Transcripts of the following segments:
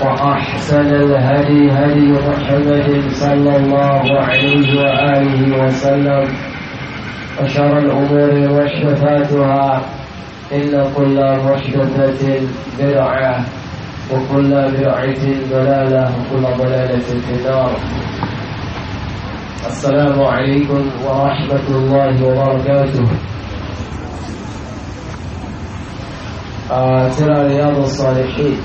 وأحسن الهدي هدي محمد صلى الله عليه وآله وسلم وشر الأمور محدثاتها إن كل محدثة برعة وكل برعة ضلالة وكل ضلالة في النار السلام عليكم ورحمة الله وبركاته آه، ترى رياض الصالحين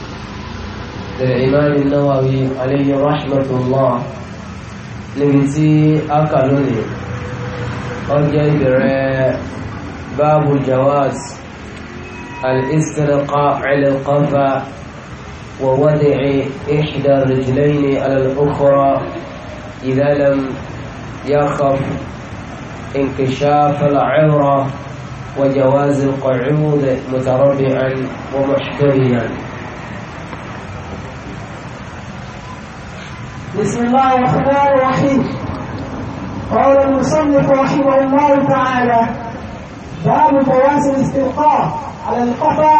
للإمام النووي عليه رحمة الله لمنسي أكالوني أجل براء باب الجواز الاسترقاء على القفا ووضع إحدى الرجلين على الأخرى إذا لم يخف انكشاف العورة وجواز القعود متربعا ومحتريا بسم الله الرحمن الرحيم قال المصنف رحمه الله تعالى باب جواز الاستلقاء على القفا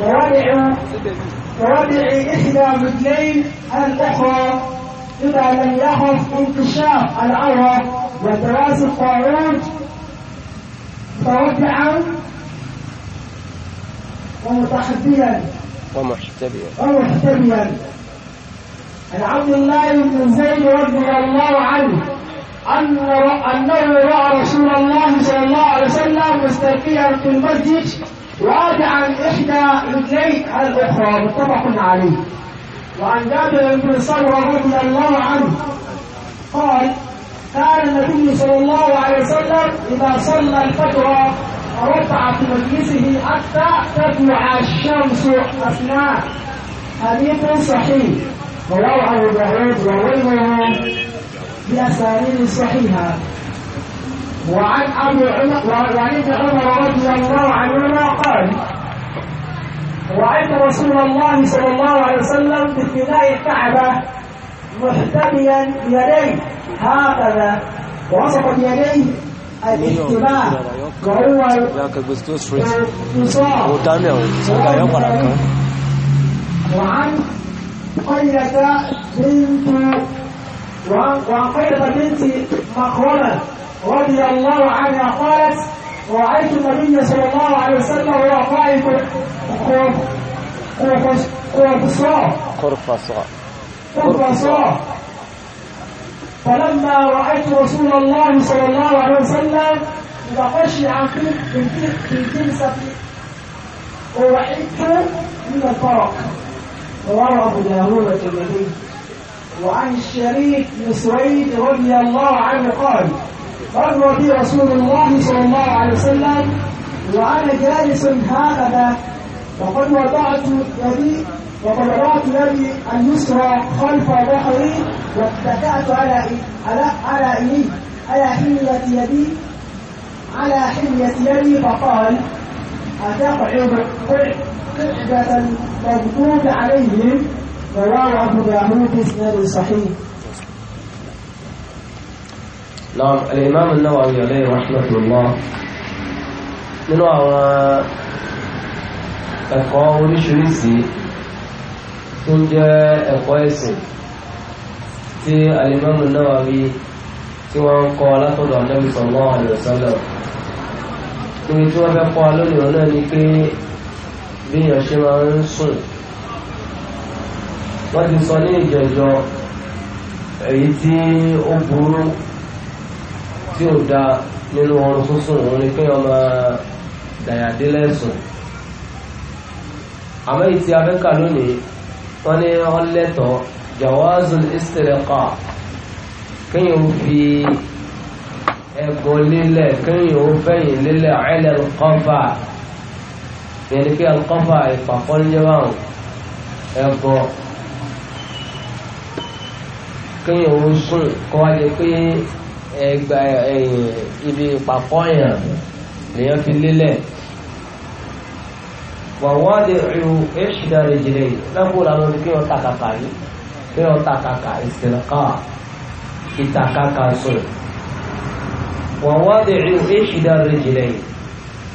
ووضع ووضع احدى رجلين على الاخرى اذا لم يحف انكشاف العوره والتراس الطاعون متودعا ومتحديا ومحتبيا ومحتبيا عبد الله بن زيد رضي الله عنه أنه رأى رسول الله صلى الله عليه وسلم مستلقيا في المسجد وادعا إحدى رجليه على الأخرى متفق عليه وعن جابر بن سمرة رضي الله عنه قال كان النبي صلى الله عليه وسلم إذا صلى الفجر رفع في مجلسه حتى تطلع الشمس أثناء حديث صحيح وروعه داود وغيره بأسانيد صحيحة وعن أبي عمر وعن ابن عمر رضي الله عنهما قال وعن رسول الله صلى الله عليه وسلم بفناء الكعبة محتميا يديه هكذا وصفت يديه الاحتماء وهو وعن قيلة بنت وعن قيلة بنت مخرمة رضي الله عنها قالت رأيت النبي صلى الله عليه وسلم وهو قائم قرفصاء قرفصاء قرفصاء فلما رأيت رسول الله صلى الله عليه وسلم يتغشي عن في الجلسة بنت من الفرق رواه أبو داوود الترمذي وعن الشريك بن سويد رضي الله عنه قال مر في رسول الله صلى الله عليه وسلم وأنا جالس هكذا وقد وضعت يدي وقد وضعت يدي اليسرى خلف ظهري واتكأت على على على على حلية يدي على حلية يدي فقال أتاق عبر قعدة مردود عليهم رواه أبو داود بإسناد صحيح نعم الإمام النووي عليه رحمة الله nínú àwọn ẹ̀kọ́ oríṣiríṣi tó ń jẹ́ ẹ̀kọ́ ẹ̀sìn tí Al-Imam Nawawi tí wọ́n ń kọ́ látọ̀dọ̀ Ànábì sallallahu alaihi wasallam níbi tí wọ́n fẹ́ kọ́ lónìí wọn náà ni pé bí èèyàn ṣe máa ń sùn wọ́n ti sọ ní ìjẹ̀jọ́ èyí tí ó burú tí ò dáa nínú ọrùn sísùn òun ni kéèyàn máa dàyàdé lẹ́sùn àmọ́ ìtì abẹ́ka lónìí wọ́n ní wọ́n lẹ́tọ̀ọ́ jawazul istirqa kéèyàn fi ẹ̀gọ́ lílẹ̀ kéèyàn ó fẹ̀yìn lílẹ̀ ẹ̀lẹ̀ kọ́fà yẹn ni kí ẹ̀kọ́fà ìpàkọ́ ní yẹ́wà ẹ̀gọ́ kéèyàn ó sùn kọ́ wá jẹ pé ẹgbà ibi ìpàkọ́ yẹn lèyàn fi lílẹ̀ wàwádìí ìrù ìṣìdárẹ̀ jìnnà lábúrò àwọn ni kéèyàn tàkàkà yìí kéèyàn tàkàkà ìsìnkà ìtàkàkà sùn wọ́n wá lè rí ìṣìdára ìjìnlẹ̀ yìí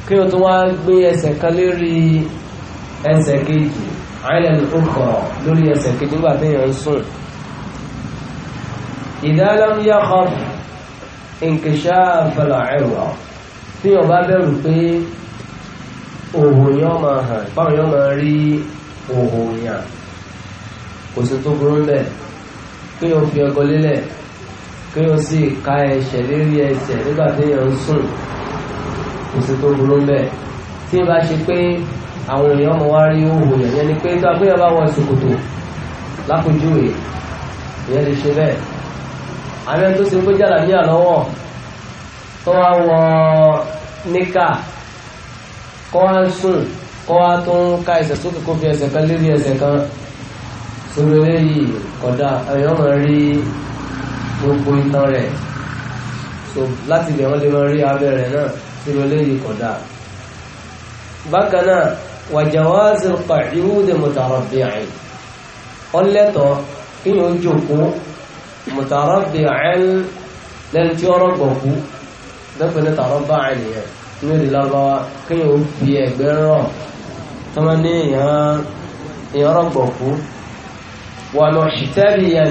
kí o tó wá gbé ẹsẹ̀ kan lérí ẹsẹ̀ kejì àìlẹ̀ ló kọ̀ lórí ẹsẹ̀ kejì nígbà tí èèyàn ń sùn ìdálámúyá kan nkèṣà fẹlẹ̀ àìwá tí yóò bá bẹ̀rù pé òhùn máa hàn báwọn máa rí òhùn kò sí tó burú bẹ́ẹ̀ kí o fi ẹgọ lélẹ̀ kí ó sì ka ẹsẹ̀ lérí ẹsẹ̀ nígbà téèyàn ń sùn kò sí tó burú ń bẹ̀ tí ì bá ṣe pé àwọn èèyàn ọmọ wa rí òwò yẹn yẹn ni pé tó agbéyàn bá wọ ṣòkòtò lápòjúwe ìyẹn lè ṣe bẹ́ẹ̀ àmì ẹni tó ṣe pé jàdà ní àlọ́wọ́ tó wá wọ níkà kọ́ wá ń sùn kọ́ wá tó ń ka ẹsẹ̀ sókè kó fi ẹsẹ̀ kan lérí ẹsẹ̀ kan sórí eléyìí kódà èèyàn máa rí gbogbo itan rẹ̀ so láti ibẹ̀ wọ́n lè máa rí abẹ́ rẹ̀ náà tí ló léyìí kódà bákan náà wàjàwáàzì qa'ud mutarabbi'in ọlẹ́tọ̀ kí ni ó jókòó mutarabbi'in lẹ́nu tí ọ̀rọ̀ gbọ̀kú dẹ́pẹ́ ní tààrọ̀ bá àìyàn ní èdè lárúbáwá kí ni fi ẹ̀gbẹ́ rọ̀ tọ́mọ ní ìyàn ọ̀rọ̀ gbọ̀kú wà lọ ṣìtẹ́rì yẹn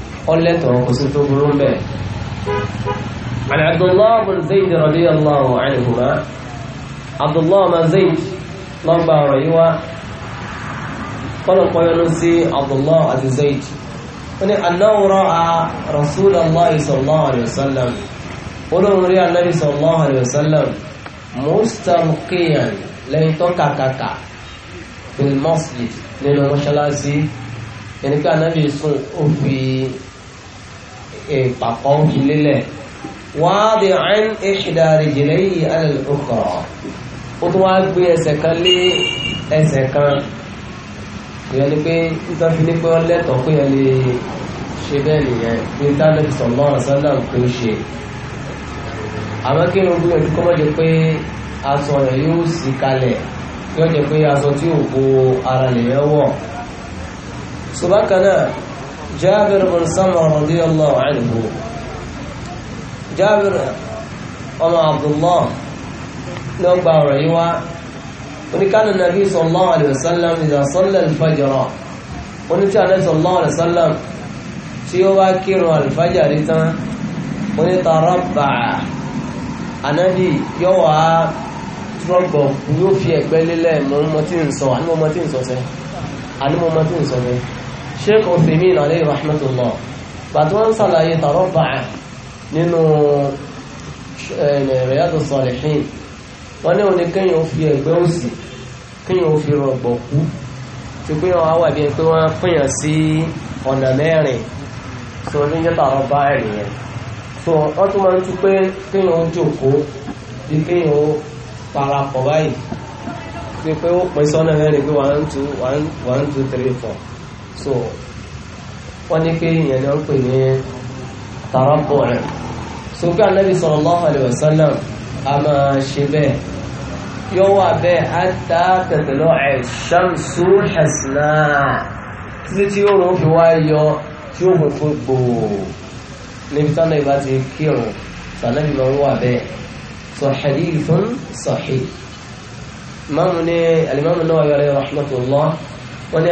ọlẹ́tọ̀ kò sí tó burú bẹ́ẹ̀. عن عبد الله بن زيد رضي الله عنهما عبد الله بن زيد لما روى قال قيلوسي عبد الله بن زيد أنه رأى رسول الله صلى الله عليه وسلم olóhùn rí anábì sallallahu alayhi wa sallam mustamkiyan lẹ́yìn tó kàkàkà fil masjid nínú mọ́ṣáláṣí ẹni pé anábì sùn ìpàkọ́ fi lélẹ̀ wáàdì àn ìṣìdá rìjìlẹ̀ yìí alùkọ̀rọ̀ ó tún wá gbé ẹsẹ̀ kan lé ẹsẹ̀ kan ìyẹn ni pé nítorí fi ní pé wọ́n lẹ́tọ̀ọ́ pé ẹ lè ṣe bẹ́ẹ̀ nìyẹn ní tánẹ́tì sọ̀rọ̀ sọ́dọ̀ pé ó ṣe àmọ́ kí ló gbìyànjú kọ́ mọ́ jẹ pé aṣọ rẹ̀ yóò sì kalẹ̀ yóò jẹ pé aṣọ tí ò bo ara lè yẹn wọ̀ ṣùgbọ́n kan جابر بن سمرة رضي الله عنه جابر ọmọ abdullah ló gba ọ̀rọ̀ yìí wá oníkanu nàbí sallallahu alayhi wa sallam idha salla al-fajra oníkí ànábì sallallahu alayhi wa sallam tí ó bá kírun alifájà rí tán onítàrọ́bà ànábì yóò wá trọ́gbọ̀ yóò fi ẹ̀gbẹ́ lélẹ̀ mọ́ ọmọ tí ń sọ ànímọ́ ọmọ tí ń sọ sẹ́ ànímọ́ ọmọ tí ń sọ sẹ́ sheikh uthimin alayhi rahmatullah bàtí wọ́n ń sàlàyé tarabba'a nínú eh, riyadu salihin wọ́n ní òní kéèyàn ó fi ẹ̀gbẹ́ òsì kéèyàn ó fi rọ̀gbọ̀ kú ti pé wọn wà bíi pé wọ́n pèèyàn sí ọ̀nà mẹ́rin tó ní jẹ́ tarabba'a nìyẹn tó wọ́n tún máa ń tú pé kéèyàn ó jókòó bí kéèyàn ó parapọ̀ báyìí ti pé ó pín sọ́nà mẹ́rin pé one two one one two three four so wọ́n ní pé ìyẹn ni wọ́n pè ní tarapọ̀ rẹ̀ so pé anabi sallallahu alaihi wasallam a máa ṣe bẹ́ẹ̀ yóò wà bẹ́ẹ̀ hatta tatlu'a ash-shamsu hasna títí tí ó rún fi wá yọ tí ó mú fún gbòò níbi tánà ìbá ti wọ́n ní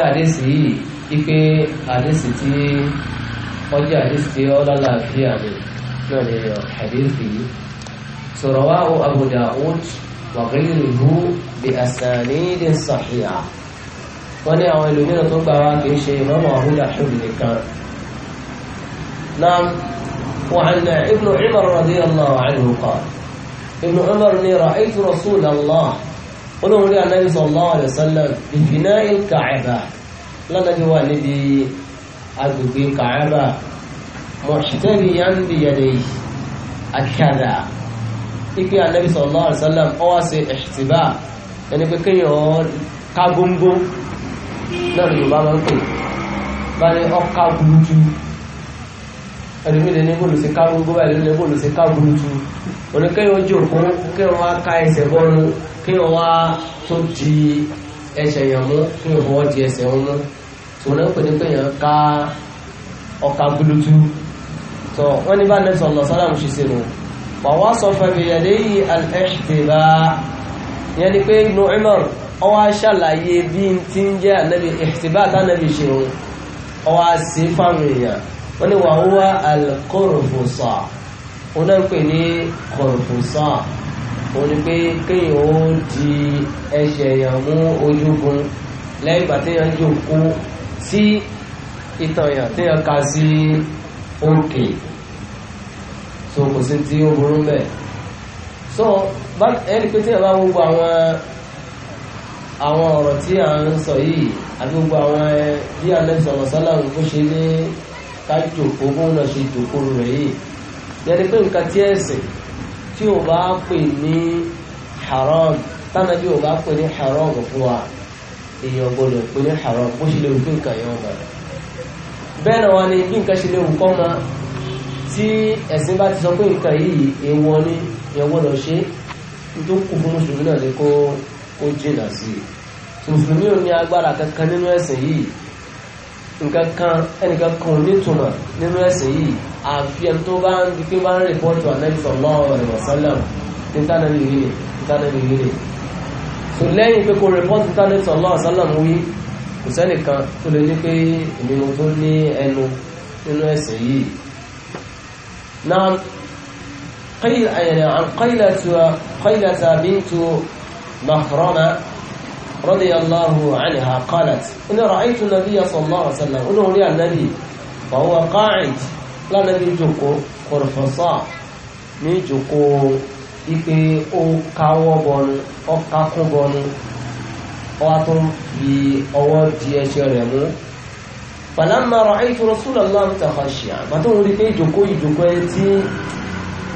àdéhùn yìí ipe àdéhùn tí ọjà àdéhùn tí ọlọ́lá fi àmì náà ni àdéhùn yìí sọ̀rọ̀ wá o Abu Dawud wàgẹ́lìlú bí àsàníìdì sàhíà wọ́n ní àwọn ẹlòmíràn tó gbà wá kìí ṣe Imam Abu Dawud nìkan نعم وعن ابن عمر رضي الله عنه قال ابن عمر اني رايت رسول الله قلوا النبي صلى الله عليه وسلم بفناء الكعبه lọ́nàbí wà níbi agbègbè kàárà mọ̀ṣítẹ́rì yá ń bi yẹ̀dẹ̀ àkàrà ipe anabi sallallahu alaihi wasallam ó wá ṣe ihtiba ẹni pé kéèyàn ká góńgó náà yorùbá máa ń pè bá ní ọkà burúkú ẹlòmílẹ̀ ní bóòlù sí ká góńgó báyìí lónìí bóòlù sí ká burúkú òní kéèyàn tòun náà pè ní pé yẹn ká ọkà gbólótú tó wọ́n ní bá nẹ́sọ̀ lọ sọ́dà mo ṣe sèrò wàwá sọ fẹ́mi yẹ̀dẹ́ yìí al-ihtiba yẹn ni pé ibnu Umar ọwá ṣàlàyé bí n ti ń jẹ́ ànábì ihtiba tánàbì ṣe òun ọwá sí fáwọn èèyàn wọ́n ní wà wúwá al-qurfusa náà ń pè ní qurfusa òun ni pé kéèyàn ó di ẹsẹ̀ èèyàn mú ojúgun lẹ́yìn ìgbà jòkó Si ìtàn èèyàn tí wọ́n ka sí òkè so kò sí tí ó burú bẹ́ẹ̀ so ẹni pé tí wọ́n bá gbogbo àwọn àwọn ọ̀rọ̀ tí à ń sọ yìí àti gbogbo àwọn bí alẹ́sọ̀rọ̀ sọ́lá bó ṣe ní ká jòkó bóun náà ṣe jòkó rẹ̀ yìí yẹni pé nǹkan tí ẹ̀sìn tí ò bá pè ní haram tánàbí ò bá pè ní haram fún wa èèyàn gbọdọ̀ pé ní haram bó ṣe lè wù kí nǹkan yẹn ọmọ rẹ̀ bẹ́ẹ̀ náà wá ní bí nǹkan ṣe lè wù kọ́ ma tí ẹ̀sìn bá ti sọ pé nǹkan yìí èèwọ̀ ni èèyàn gbọdọ̀ ṣe tó kù fún mùsùlùmí náà ni kó ó jìnà sí i mùsùlùmí ò ní agbára kankan nínú ẹ̀sìn yìí nǹkan kan ẹnìkan kan ò nítumọ̀ nínú ẹ̀sìn yìí àfi ẹni tó bá ń di pé bá ń rìpọ́tù ànábì sallallahu alaihi wasallam so lẹ́yìn pé kò rẹpọ́tì tánẹ́tì sallallahu alaihi wasallam wí kò sẹ́nìkan tó lè ní pé èmi mo tó ní ẹnu nínú ẹ̀sìn yìí náà qaylata bintu mahrama radiyallahu anha qalat inna ra'aytu nabiyya sallallahu alaihi wasallam ó wípé ó káwọ́ bọnu ó kákún bọnu ó wá tún fi ọwọ́ di ẹsẹ̀ rẹ̀ mú. falamma ra'aytu Rasulullah takhashsha àgbàtò wọn rí pé ìjòkó ìjòkó ẹni tí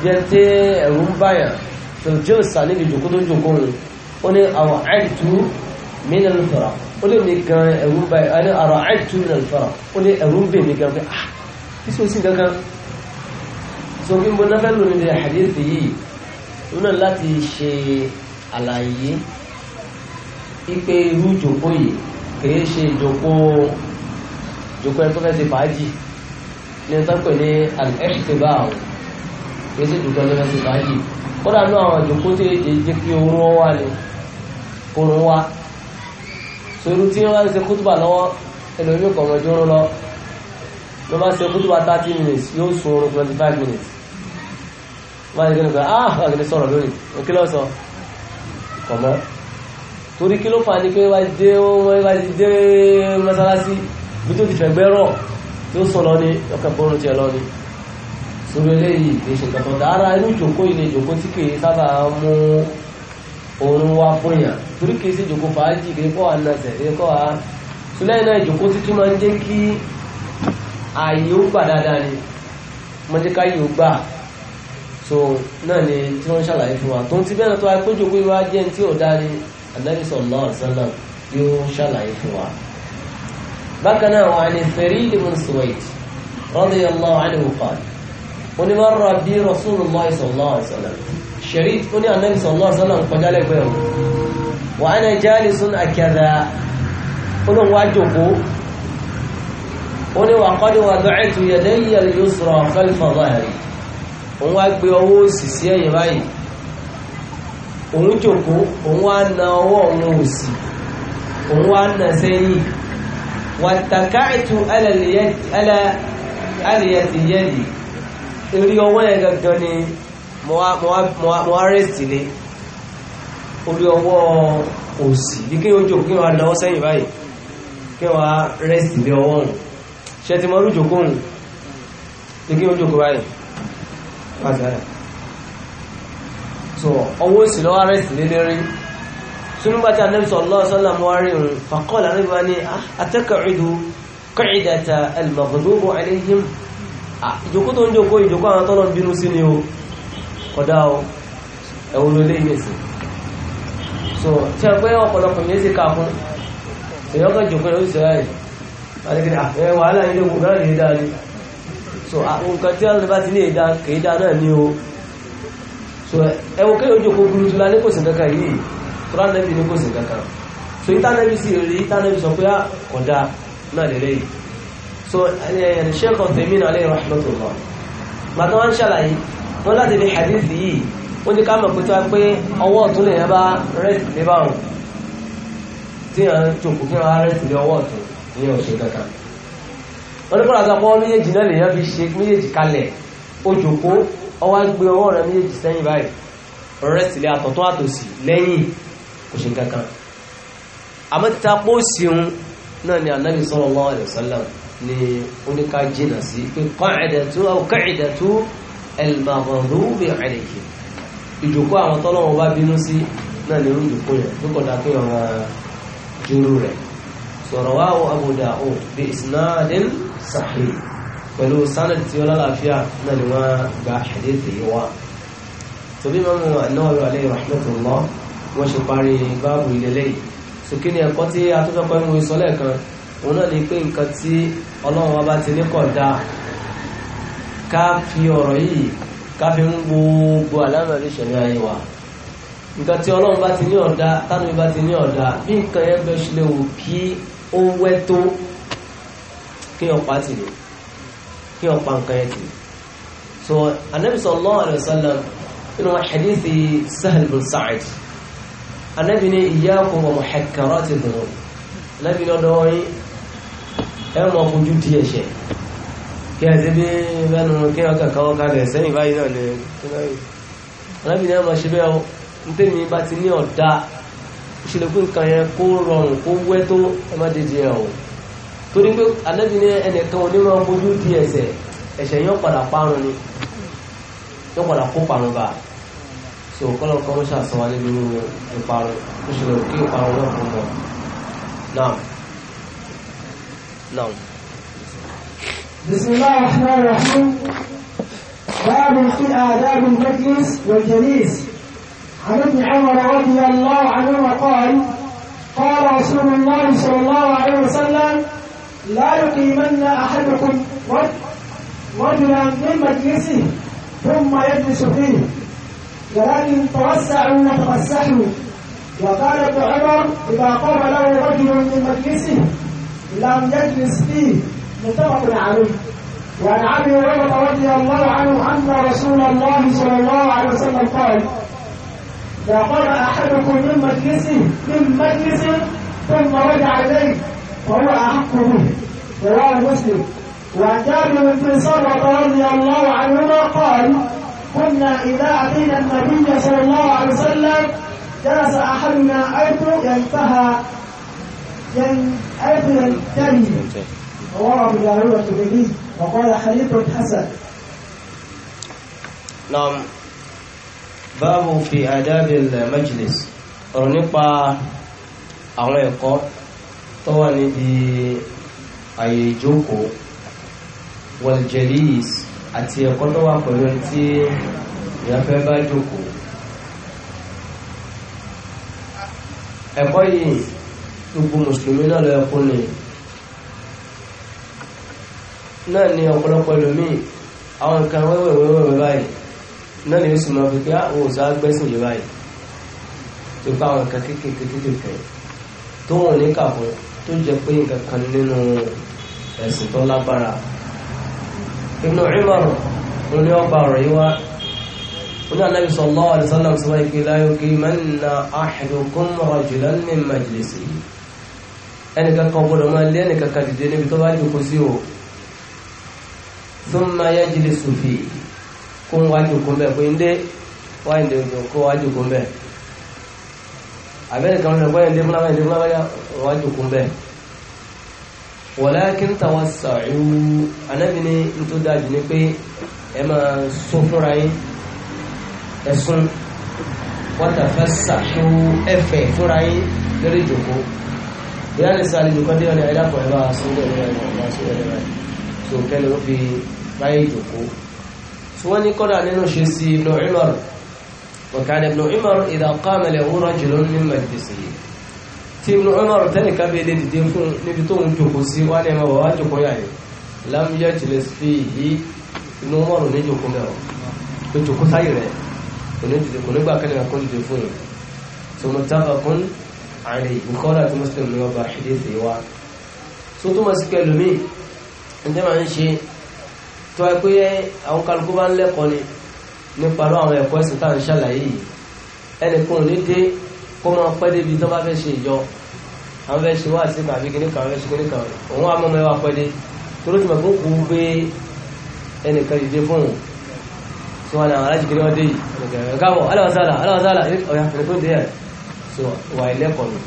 jẹ́ tẹ́ ẹ̀rù ń báyà fìlìjọ́ ìsàlẹ̀ ìjòkó tó jòkó òun ó ní àwọn àìtú min al-faraq ó lè mi gan ẹ̀rù ń báyà ẹni àrà àìtú min al-faraq ó ní ẹ̀rù ń bè mí gan pé ah kí sọ sí gangan sọ bí mo náfẹ́ lónìí hadith yìí òun náà láti ṣe àlàyé wípé irú ìjòkó yìí kìí ṣe ìjòkó ìjòkó ẹni tó fẹ́ ṣe fàájì ní ẹni tó pè ní alẹ́ṣẹ̀tẹ̀bá àwọn kìí ṣe ìjòkó ẹni tó fẹ́ ṣe fàájì kódà ní àwọn ìjòkó tó yẹ jẹ́ kí oorun wá ni oorun wá sọ̀rọ̀ tí wọ́n bá ń ṣe kútùbà lọ́wọ́ ẹlòmíì lọ ló bá ṣe kútùbà thirty minutes yóò sun oorun twenty five minutes máa ní gbẹ́gbẹ́ ah àgbẹ̀lẹ̀ sọ̀rọ̀ lórí òkè lọ́sọ̀ kọ̀mọ́ torí kí ló fà ní pé wá dé wọ́n wá dé mọ́sálásí bí tó ti fẹ̀gbẹ́ rọ̀ tí ó sọ̀rọ̀ ní ọkà bọ́ọ̀rùn tiẹ̀ lọ ni sórí eléyìí kì í ṣe nǹkan tó dá ara inú ìjòkó ilé ìjòkó tí kì í sábà mú oorun wá fún yàn torí kì í ṣe ìjòkó fàájì kì í kọ́ wa nàṣẹ̀ kì í kọ́ wa sílẹ̀ náà ìjòkó títú máa ń jẹ́ kí ààyè ó gbà dáadáa ni so náà ni tí wọ́n ń ṣàlàyé fún wa tó ń ti bẹ́ẹ̀ tó wáyé péjọ pé wá jẹ́ tí ò dáre Ànábì sallallahu alaihi wasallam yóò ṣàlàyé fún wa. bákan náà wà ní Farid ibn Suwaid radiyallahu anhu qala onímọ̀rọ̀ bí Rasulullah sallallahu alaihi wasallam Sharid ó ní Ànábì sallallahu alaihi wasallam kọjá lẹ́gbẹ̀ẹ́ o wa ana jalisun akadha olóhùn wá ó ní wa qad wada'tu yadayya al-yusra khalfa dhahri òun wá gbé ọwọ́ òsì sí ẹ̀yìn báyìí òun jòkó òun wá na ọwọ́ òun òsì òun wá na sẹ́yìn wàtàkáìtù alẹ́yẹtìyẹ́lì orí ọwọ́ yẹn gangan ni mo wá rẹ́sì lé orí ọwọ́ òsì bí kí ojú òkú kí wọ́n náwọ́ sẹ́yìn báyìí kí wọ́n rẹ́sì lé ọwọ́ òun ṣe ti mọ́ orí jòkó òun bí kí ojú òkú báyìí so ọwọ́ òsì lọ́wọ́ rẹ̀ sì lé lérí súnúgbàtí Ànábì sallallahu alaihi wasallam wá rí òun faqala Ànábì wá ní ah, ataq'udu qa'idata al-maghdubi alaihim ah, ìjòkó tó ń jòkó ìjòkó àwọn tọ́lọ̀ bínú sí ni o kọ̀dá o ẹ̀wọ̀n olè ìmẹ̀sì so tí a pé ọ̀pọ̀lọpọ̀ ìmẹ̀sì kàkún èyàn kan jòkó ẹ̀ ó sì rẹ̀ so ah, nǹkan tí wọ́n bá ti ní èdà kèédà náà ní o so ẹwọ kéèyàn ojú kó burú jùlá ní kò sí kankan yìí kúrò nẹ́bí ní kò sí kankan so ìtànẹ́bí sì rí ìtànẹ́bí sọ pé ah, kọ̀dá náà lè rẹ̀ yìí so ṣẹ́kọ̀ tèmi náà lẹ́yìn rahmatullah màtọ́ wọn ń ṣàlàyé wọn láti fi hadith yìí ó ní ká mọ̀ pé tí wọ́n pé ọwọ́ ọ̀tún lèèyàn bá rẹ̀ lé báwọn tí yàn ń jòkó kí wọ́n á rẹ̀ lé ọwọ́ ọ̀tún ní ọ̀ṣẹ́ kankan wọ́n ní kọ́ra sọ pé méjèèjì náà lèyàn fi ṣe méjèèjì kalẹ̀ ojòkó ọwọ́ gbé ọwọ́ rẹ méjèèjì sẹ́yìn báyìí rẹ̀ sílẹ̀ àtọ̀tún àtòsì lẹ́yìn kò ṣe kankan àmọ́ ti tapó síun náà ni Ànábì sallallahu alaihi wasallam ni oníka jìnà sí pé qa'idatu aw qa'idatu al-maghdubi alayhim ìjòkó àwọn tọ́lọ́wọ́ bá bínú sahih pẹ̀lú sanad tí ó lálàáfíà náà ni wọ́n gba hadith yìí wá torí mọ́mú An-Nawawi alayhi rahmatullah wọ́n ṣe parí báàbù ilẹ̀lẹ́ yìí sókè ní ẹ̀kọ́ tí a tó fẹ́ pẹ́ mú ìsọ lẹ́ẹ̀kan òun náà ni pé nǹkan tí ọlọ́run ọba ti ní kọ̀dá ká fi ọ̀rọ̀ yìí ká fi ń gbogbo àlámọ̀rí ìṣẹ̀lẹ̀ ayé wa nǹkan tí ọlọ́run bá ti ní ọ̀dá tánú bá ti ní ọ̀dá bí nǹkan yẹn bẹ́ẹ̀ ṣe lè wò kí ó wẹ́ tó kí ọ̀pá tì ní kí ọ̀pá nǹkan ẹ̀ tì ní. so anabi sallallahu alayhi wa sallam inú hadithi sahel bin sa'id anabi ní iyyakum wa muhakkarati dhunub anabi lọ́dọ̀ wọ́nyí ẹ mọ̀ fojú di ẹ̀ṣẹ̀ kí ẹ ti bí bẹ́nu kí ọkà kọ́ kalẹ̀ sẹ́yìn báyìí náà ni anabi ní ẹ mọ̀ ṣe bẹ́ẹ̀ o ntẹ́mi bá ti ní kan yẹn kó rọrùn kó wẹ́ tó ẹ má dédìí o torí pé anábì ní ẹnìkan onímọ̀ ojú di ẹsẹ̀ ẹ̀ṣẹ̀ yóò padà parun ni yóò padà kó parun bá so kọ́lọ̀ kan ló ṣàṣọwá níbi inú ìparun ó ṣẹlẹ̀ kí ìparun náà fún wọn náà náà. bisimilahi rahman rahim báàbù fi عن mẹ́kìlís wẹ̀jẹ̀lís àmì ìhàmọ̀ rẹ̀ wọ́n قال رسول الله صلى الله عليه وسلم لا يقيمن أحدكم رجلا من مجلسه ثم يجلس فيه ولكن توسعوا وتفسحوا وقال ابن عمر إذا قام له رجل من مجلسه لم يجلس فيه متفق عليه وعن ابي هريره رضي الله عنه ان رسول الله صلى الله عليه وسلم قال اذا قام احدكم من مجلسه من مجلس ثم رجع اليه فهو أحق به رواه مسلم وعن جابر بن سمرة رضي الله عنهما قال كنا إذا أتينا النبي صلى الله عليه وسلم جلس أحدنا حيث ينتهى حيث ينتهي رواه أبو داوود الترمذي وقال حديث حسن نعم باب في آداب المجلس ọ̀rọ̀ nípa àwọn tó wà níbi àyè ìjókòó wọ̀lìjẹ̀lìs àti ẹ̀kọ́ tó wà pẹ̀lú tí ìyá fẹ́ bá jókòó ẹ̀kọ́ yìí gbogbo mùsùlùmí náà lọ ẹ̀kọ́ ni náà ni ọ̀pọ̀lọpọ̀ ẹlòmíì àwọn nǹkan wẹ́wẹ̀wẹ́wẹ́ báyìí náà ni ó sì máa fi pé àwọn ah, òṣà gbẹ́sìn yìí báyìí tó bá àwọn nǹkan kéékèèké tó wọn ní kà tó jẹ pé nǹkan kan nínú ẹ̀sìn tó lágbára Ibn Umar wọn ni wọ́n gba ọ̀rọ̀ yìí wá wọn ní Ànábì sallallahu alaihi wasallam sọ wáyé kí la yuqimanna ahadukum rajulan min majlisihi ẹnìkan kan gbọ́dọ̀ máa lé ẹnìkan kan dìde níbi tó bá jòkó sí o thumma yajlisu fihi kó ń wájú kó ń bẹ̀ pé ń dé wáyé ń dé kó wájú kó ń bẹ̀ àbẹ́rẹ́ kan lè pẹ́ ẹ̀dẹ́fúnláwà ẹ̀dẹ́fúnláwà wájú kún bẹ́ẹ̀ walakin tawassa'u anábì ní tó dájú ní pé ẹ máa sún fúnra yín ẹ̀sùn watafassa'u ẹ̀fẹ̀ fúnra yín lórí ìjòkó ìyá lè sáré ìjòkó dé ọ̀nà ẹ̀dàpọ̀ ẹ̀rọ àsúnlẹ̀ ẹ̀rọ ẹ̀rọ àsúnlẹ̀ ẹ̀rọ tó kẹ́lẹ́ ó fi ráyé ìjòkó tí wọ́n ní kọ́dà nínú ṣe sí Ibn Umar وكان ابن عمر إذا قام له رجل من مجلسه tí Ibn Umar tẹ́nìkan bí ilé dìde fún níbi tó ń jòkó sí wá ní ẹmọ wá jòkó yà ní lam yajlis fihi inú mọ́rùn ní jòkó mẹ́rọ tó jòkó sáyì rẹ̀ kò ní dìde kò nígbà kẹ́lẹ̀ kan dìde fún yìí tó mọ̀ tábà kún àrẹ Bukhari àti Muslim ní ọba hadisi wa tó tó mọ̀ sí pẹ̀lú mi ẹjẹ́ máa ń ṣe tó ẹ pé àwọn kálukú bá ń lẹ́kọ̀ọ́ ni nípa lọ àwọn ẹ̀kọ́ ẹ̀sìn táwọn ṣàlàyé yìí ẹnìkan ò ní dé kó máa pẹ́ débi tó bá fẹ́ ṣe ìjọ àwọn fẹ́ ṣe wáàsí kan àbí kíní kan àwọn fẹ́ ṣe kíní kan òun àmọ́ ọmọ ẹ wá pẹ́ dé torí tí mo kún kú gbé ẹnìkan dìde fóun tí wọn làwọn alájì kíní wọn dé yìí ẹnìkan káwọn aláwọ̀sálà aláwọ̀sálà ọ̀yà ẹnìkan dé yàrá so wà ilẹ̀kọ̀ọ́ mi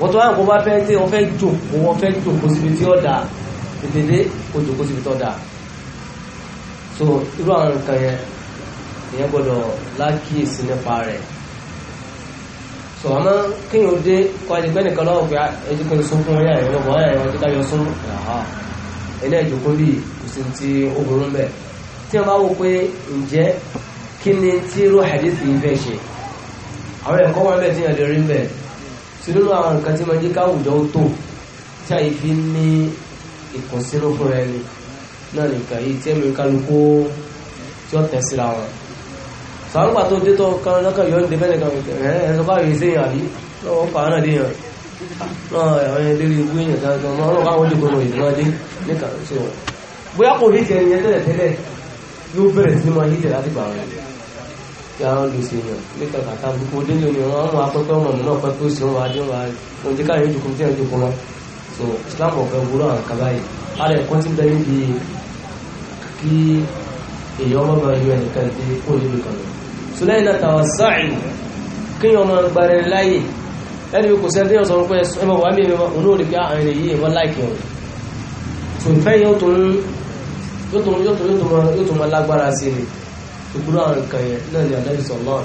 wọ́n tó wá nǹkan bá fẹ́ tí wọ́n fẹ́ jòkó wọ́n fẹ́ jòkó síbi tí ó dáa ìdílé ó jòkó síbi tó dáa so irú àwọn nǹkan yẹn ìyẹn gbọ́dọ̀ lákìyèsí nípa rẹ̀ sọ àmọ́ kíyàn ó dé kọ́ ẹni gbẹ́nìkan lọ́wọ́ pé ah, ẹjú kí n sún fún ẹyà ẹ̀rọ wọ́n ẹ̀rọ tó dájọ́ sún ẹni ẹ̀jọ̀kọ́ bí kò sí ti obìnrin bẹ̀ tí wọ́n bá wò pé ǹjẹ́ kí ni tí irú hadithi yìí fẹ́ ṣe àwọn ẹ̀kọ́ wọn bẹ̀ tí yàn lè rí bẹ̀ sí nínú àwọn nǹkan tí máa jẹ́ káwùjọ ó tò tí àyè fi ní ìkùnsínú fún ẹni náà nìkan yìí tí ẹ̀mí kálukú tí ó tẹ̀ síra wọn sàrùgbà tó dé tó kan lọ́kàn yọ ní bẹ́ẹ̀ kan ẹ̀ẹ́dọ́ bá yìí sí àbí lọ́wọ́ pa náà déyàn àwọn eléré ibú èèyàn sáájú ọmọ ọlọ́pàá àwọn òdìgbò náà ìdúná dé níkà sí wọn bóyá kò rí tiẹ̀ yẹn tẹ́lẹ̀ tẹ́lẹ̀ yóò bẹ̀rẹ̀ sí máa yíjẹ̀ láti gbà wọn kí àwọn lè ṣe èèyàn níkà kàkà gbogbo délé ni wọn mú apẹ́pẹ́ ọmọ náà pẹ́ tó ṣeun wájú wa ohun tí káyọ̀ jùkú tí ẹ̀ jùkú lọ so Islam ọ̀fẹ́ wúrọ̀ àǹkàbá yìí ara ẹ̀kọ́ ti bẹ níbi kí èèyàn ọmọ bá yọ ẹnìkan dé kó níbi sùlẹ́yìn náà tàwọn sáàì kí yọ ma gbàrẹ̀ láyé ẹni kò sẹ́ tí yọ sọ pé ẹmọ wà mí wọn ní òrìkà àrìn èyí wọn láìkì wọn tó fẹ́ yóò tó ma lágbára sí ni ìgbúrò àwọn nǹkan yẹn náà ni Ànábì sallallahu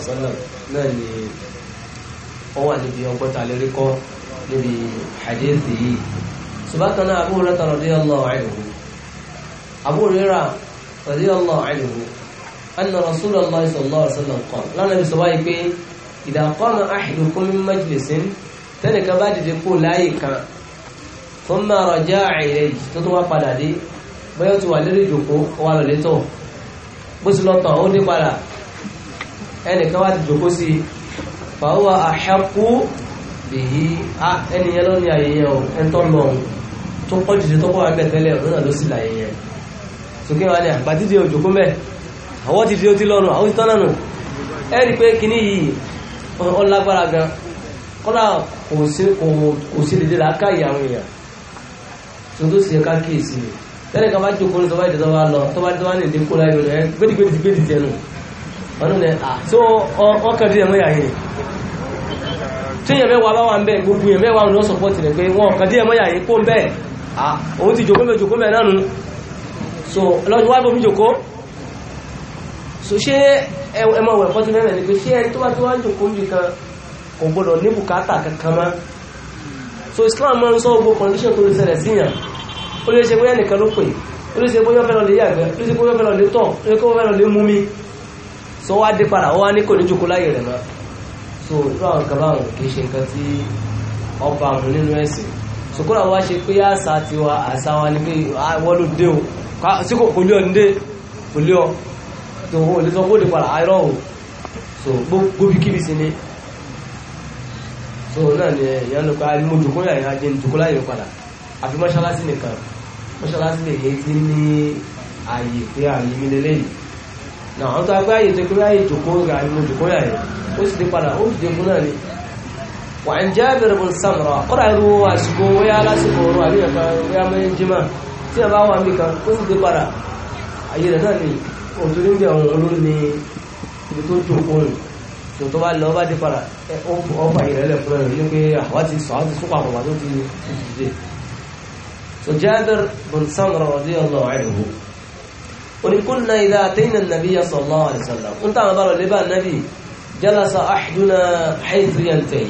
anna Rasulullah sallallahu alaihi wasallam qala lánàá bí sọ wáyé pé idha qama ahadukum min majlisin tẹ́nìkan bá dìde kó láàyè kan thumma raja'a ilayhi tó tó wá padà dé bóyá tó wà lórí ìjòkó wà lọ létọ̀ bó ti lọ́tọ̀ ó dé padà ẹnìkan wá ti jòkó sí fàáwà àṣàkú bèyí ẹnìyẹn ló ní ayẹyẹ ọ̀ ẹ̀tọ́ lọ́hùn tó pọ̀ jù tó pọ̀ wá bẹ̀ tẹ́lẹ̀ ọ̀nà ló sì láyẹyẹ sókè wà ní àgbàdíje òjòkó mẹ́ẹ̀ àwọn ti di ó ti lọ́nu àwọn ti tọ́nà nù ẹ̀rí pé kìíní yìí ọlágbára gan kọ́lá kò sí dédé làákàyè àwọn èèyàn tó tó sì yẹ ká kíyèsí rẹ̀ tẹ́lẹ̀ kan bá jókòó ní tọ́ba ìdè tọ́ba lọ tọ́ba tọ́ba ní ìdè kó láyé lọ ẹ gbédìgbédì gbédì tẹnu ọ̀nà ní à tó ọkàn díẹ̀ mú yàyè tí èèyàn mẹ́wàá bá wà ń bẹ́ gbogbo èèyàn mẹ́wàá ní ọ̀sọ̀ pọ̀tì rẹ̀ pé wọn ọ̀kan díẹ̀ mú yàyè kó ń bẹ́ẹ̀ òun ti jókòó mẹ́ jókòó mẹ́ náà nù so ọlọ́run wá bomi jókòó so ṣé ẹmọ ìwẹ̀ kọ́ ti mẹ́rin ni pé ṣé ẹni tó bá tó wá ń jòkó nbì kan kò gbọdọ̀ ní bùkátà kankan mọ́ so Islam máa ń sọ gbogbo condition tó lè ṣẹlẹ̀ síyàn ó lè ṣe bóyá nìkan ló pè ó lè ṣe bóyá fẹ́ràn lè yàgbẹ́ ó lè ṣe bóyá fẹ́ràn lè tọ̀ ó lè kọ́ fẹ́ràn lè mú mi so wá dé padà ó wá ní kò ní jòkó láyè rẹ̀ mọ́ so irú àwọn kan báwọn kì í ṣe nǹkan tí ọba àwọn nínú ẹ̀sìn so kó làwọn wá ṣe pé àṣà tiwa àṣà wa ni pé ah, wọ́n ló dé o sí kò kò lé ọ tó o lè sọ owó lè padà àìrọ̀ o so gbogbo bí kíbi sí ni so náà ni èèyàn ló pa mo dùnkún yà yà jẹ́ dùnkún láyè padà àfi mọ́ṣáláṣí nìkan mọ́ṣáláṣí lè yé tí ní ààyè pé ààyè mi lélẹ́ yìí náà àwọn tó agbé ààyè tó kí láyè dùnkún yà ni mo dùnkún yà yẹ ó sì dé padà ó sì dẹkun náà ni wà ń jẹ́ bẹ̀rẹ̀ bọ̀ sàmùrà kọ́ra irú àsìkò wíyá lásìkò ọ̀rọ̀ àbí ẹ̀ka wíyá mẹ́rin jimá tí ẹ bá wà mí kan ó sì dé padà ààyè rẹ̀ náà ni òtún níbi àwọn olóhùn ní ibi tó dùn òun tó tó bá lọ bá dé padà ọ̀pá ìrẹ́lẹ̀ fún ẹ̀rọ ní pé àwa ah, ti sọ àwa ti súnpà àpọ̀ tó ti dìde. so Jabir bin Samra radiyallahu anhu oníkúnná idha atayna an-nabiyya sallallahu alaihi wasallam ń tàn bá lọ lé bá nàbí jalasa ahaduna haythu yantahi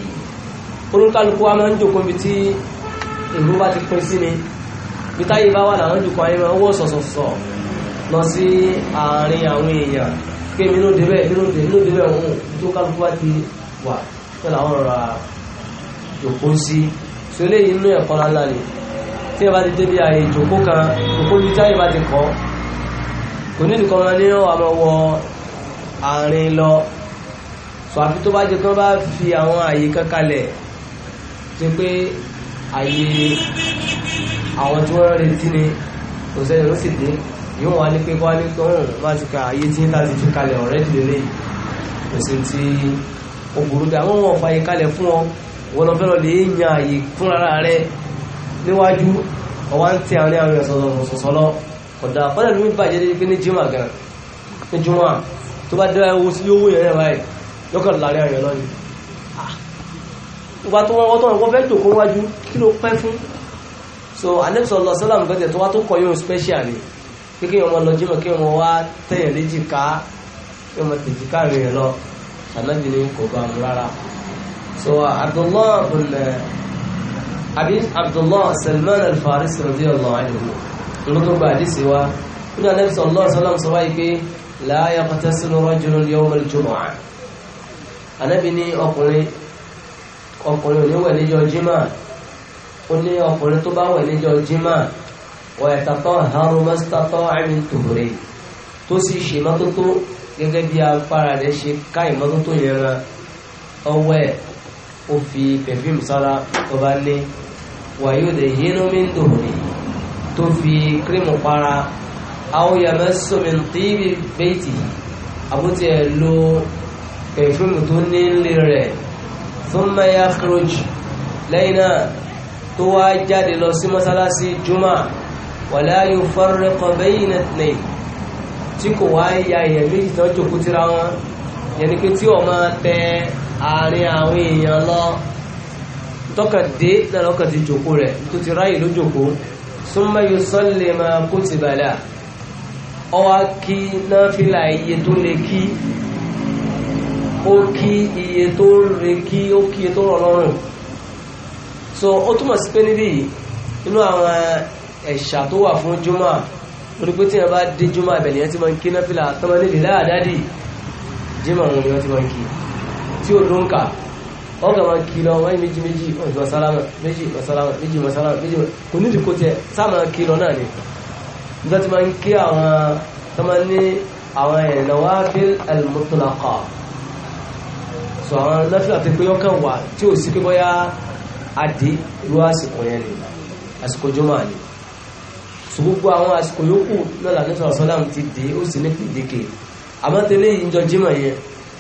olùkálùkù wa máa ń jòkó ibi tí ìlú bá ti pín sí ni bí táyé bá wà láwọn jòkó ayé máa ń sọ̀sọ̀sọ̀ lọ sí àárín àwọn èèyàn pé mi ló débẹ̀ mi ló débẹ̀ mi ló débẹ̀ òun tó kálukú wá ti wà pẹ̀lú àwọn ọ̀rọ̀ àjòkó sí so eléyìí inú ẹ̀kọ́ ńlá ni tí ẹ bá ti débi àyè ìjòkó kan òkú ibi táyè bá ti kọ́ kò ní nìkan ní àmọ́ wọ àárín lọ so àfi tó bá jẹ kí wọ́n bá fi àwọn àyè kankalẹ̀ ti pé àyè àwọn tí wọ́n retí ni kò sẹ́yìn ló sì dé yóò wá ní pé wá ní pé òun bá ti ka ayé tí níta ti fi kalẹ̀ ọ̀rẹ́ ìdílé yìí kò sí ti o burú dà wọ́n wọ́n fàyè kalẹ̀ fún ọ wọ́n lọ fẹ́ràn lè yan àyè fúnra rẹ níwájú ọwá ń tẹ àwọn àwọn ẹ̀sọ̀ sọ̀sọ̀ lọ ọ̀dà àpọ́lẹ̀ ló ń bàjẹ́ dé pé ní jimá gan ní jumá tó bá dẹ́ owó sí owó yẹn báyìí lọ́kàn láàrin àyàn lọ́ni ah! ìgbà tó wọ́n tọ́rọ wọ́n fẹ́ jòkó wájú kí ló pẹ́ fún so anẹ́bùsọ̀ lọ sọ́làmù gọ́dẹ̀ tó wá tó kọ yóò special ni pé kí wọn lọ jímọ̀ kí wọn wá tẹ̀yàn léjì ká kí wọn tẹ̀jì ká rìn yẹn lọ sànàbí ni kò bá mu rárá. so abdullahi bin abi abdullahi salman al-farisi radiyallahu anhu ló tó gba àdìsí wa ó ní anabi sallallahu alaihi wasallam sọ wáyé pé la yaqtasilu rajulun yawm al-jumu'ah anabi ní ọkùnrin ọkùnrin ò ní wẹ̀ níjọ́ jimá ó ní ọkùnrin tó bá wẹ̀ níjọ́ jimá. ويتطهر ما استطاع من طهره tó sì ṣe mọ́tótó gẹ́gẹ́ bí agbára rẹ̀ ṣe ká ìmọ́tótó yẹn ran ọwọ́ ẹ̀ ó fi pẹ̀fíìmù sára tó bá lé wàyí òde yínú mi ń dòwòrì tó fi kírímù para àwòyà mẹ́sọ̀mí tí bẹ́ẹ̀tì àbútí ẹ̀ lo pẹ̀fíìmù tó ní lé rẹ̀ fún mẹ́yà kúròjì lẹ́yìn náà tó wá jáde lọ sí mọ́sálásí jùmọ̀ wàlá yóò fọ́rẹ́ kọ bẹ́yìn ẹ̀tìlẹ̀ tí kò wá ya èèyàn méjì tó jòkó tíra wọn yẹni pé tí wọ́n máa tẹ àárín àwọn èèyàn lọ tọ́kà dé náà lọ́kà ti jòkó rẹ̀ tó ti ráyè ló jòkó súnmọ́ yóò sọ́lẹ̀ máa kó ti bàlá ọwá kí náà fílà iye tó lè kí ó kí iye tó lè kí ó kí iye tó rọ̀ lọ́rùn so ó túmọ̀ sí pé níbí inú àwọn ẹ̀ṣà tó wà fún jùmọ̀ lórí pé tí wọ́n bá dé jùmọ̀ àbẹ̀lẹ̀ yẹn ti máa ń kí náfìlà tọ́mọ nílẹ̀ láàdádì jùmọ̀ òun ni wọ́n ti máa ń kí tí ó dún kà wọ́n kà máa kí lọ wọ́n yìí méjì méjì ọ̀sálámà méjì ọ̀sálámà méjì ọ̀sálámà méjì kò ní ìdíkò tiẹ̀ sáàmà kí lọ náà ni nígbà tí máa ń kí àwọn tọ́mọ yẹn ni àsìkò jùmọ̀ ni so gbogbo àwọn àsìkò yòókù lọ́la ní sọ̀rọ̀ sọ́lá ti dé ó sì ní pèdéke àmọ́ tẹ́lẹ̀ yìí ń jọ jímọ̀ yẹn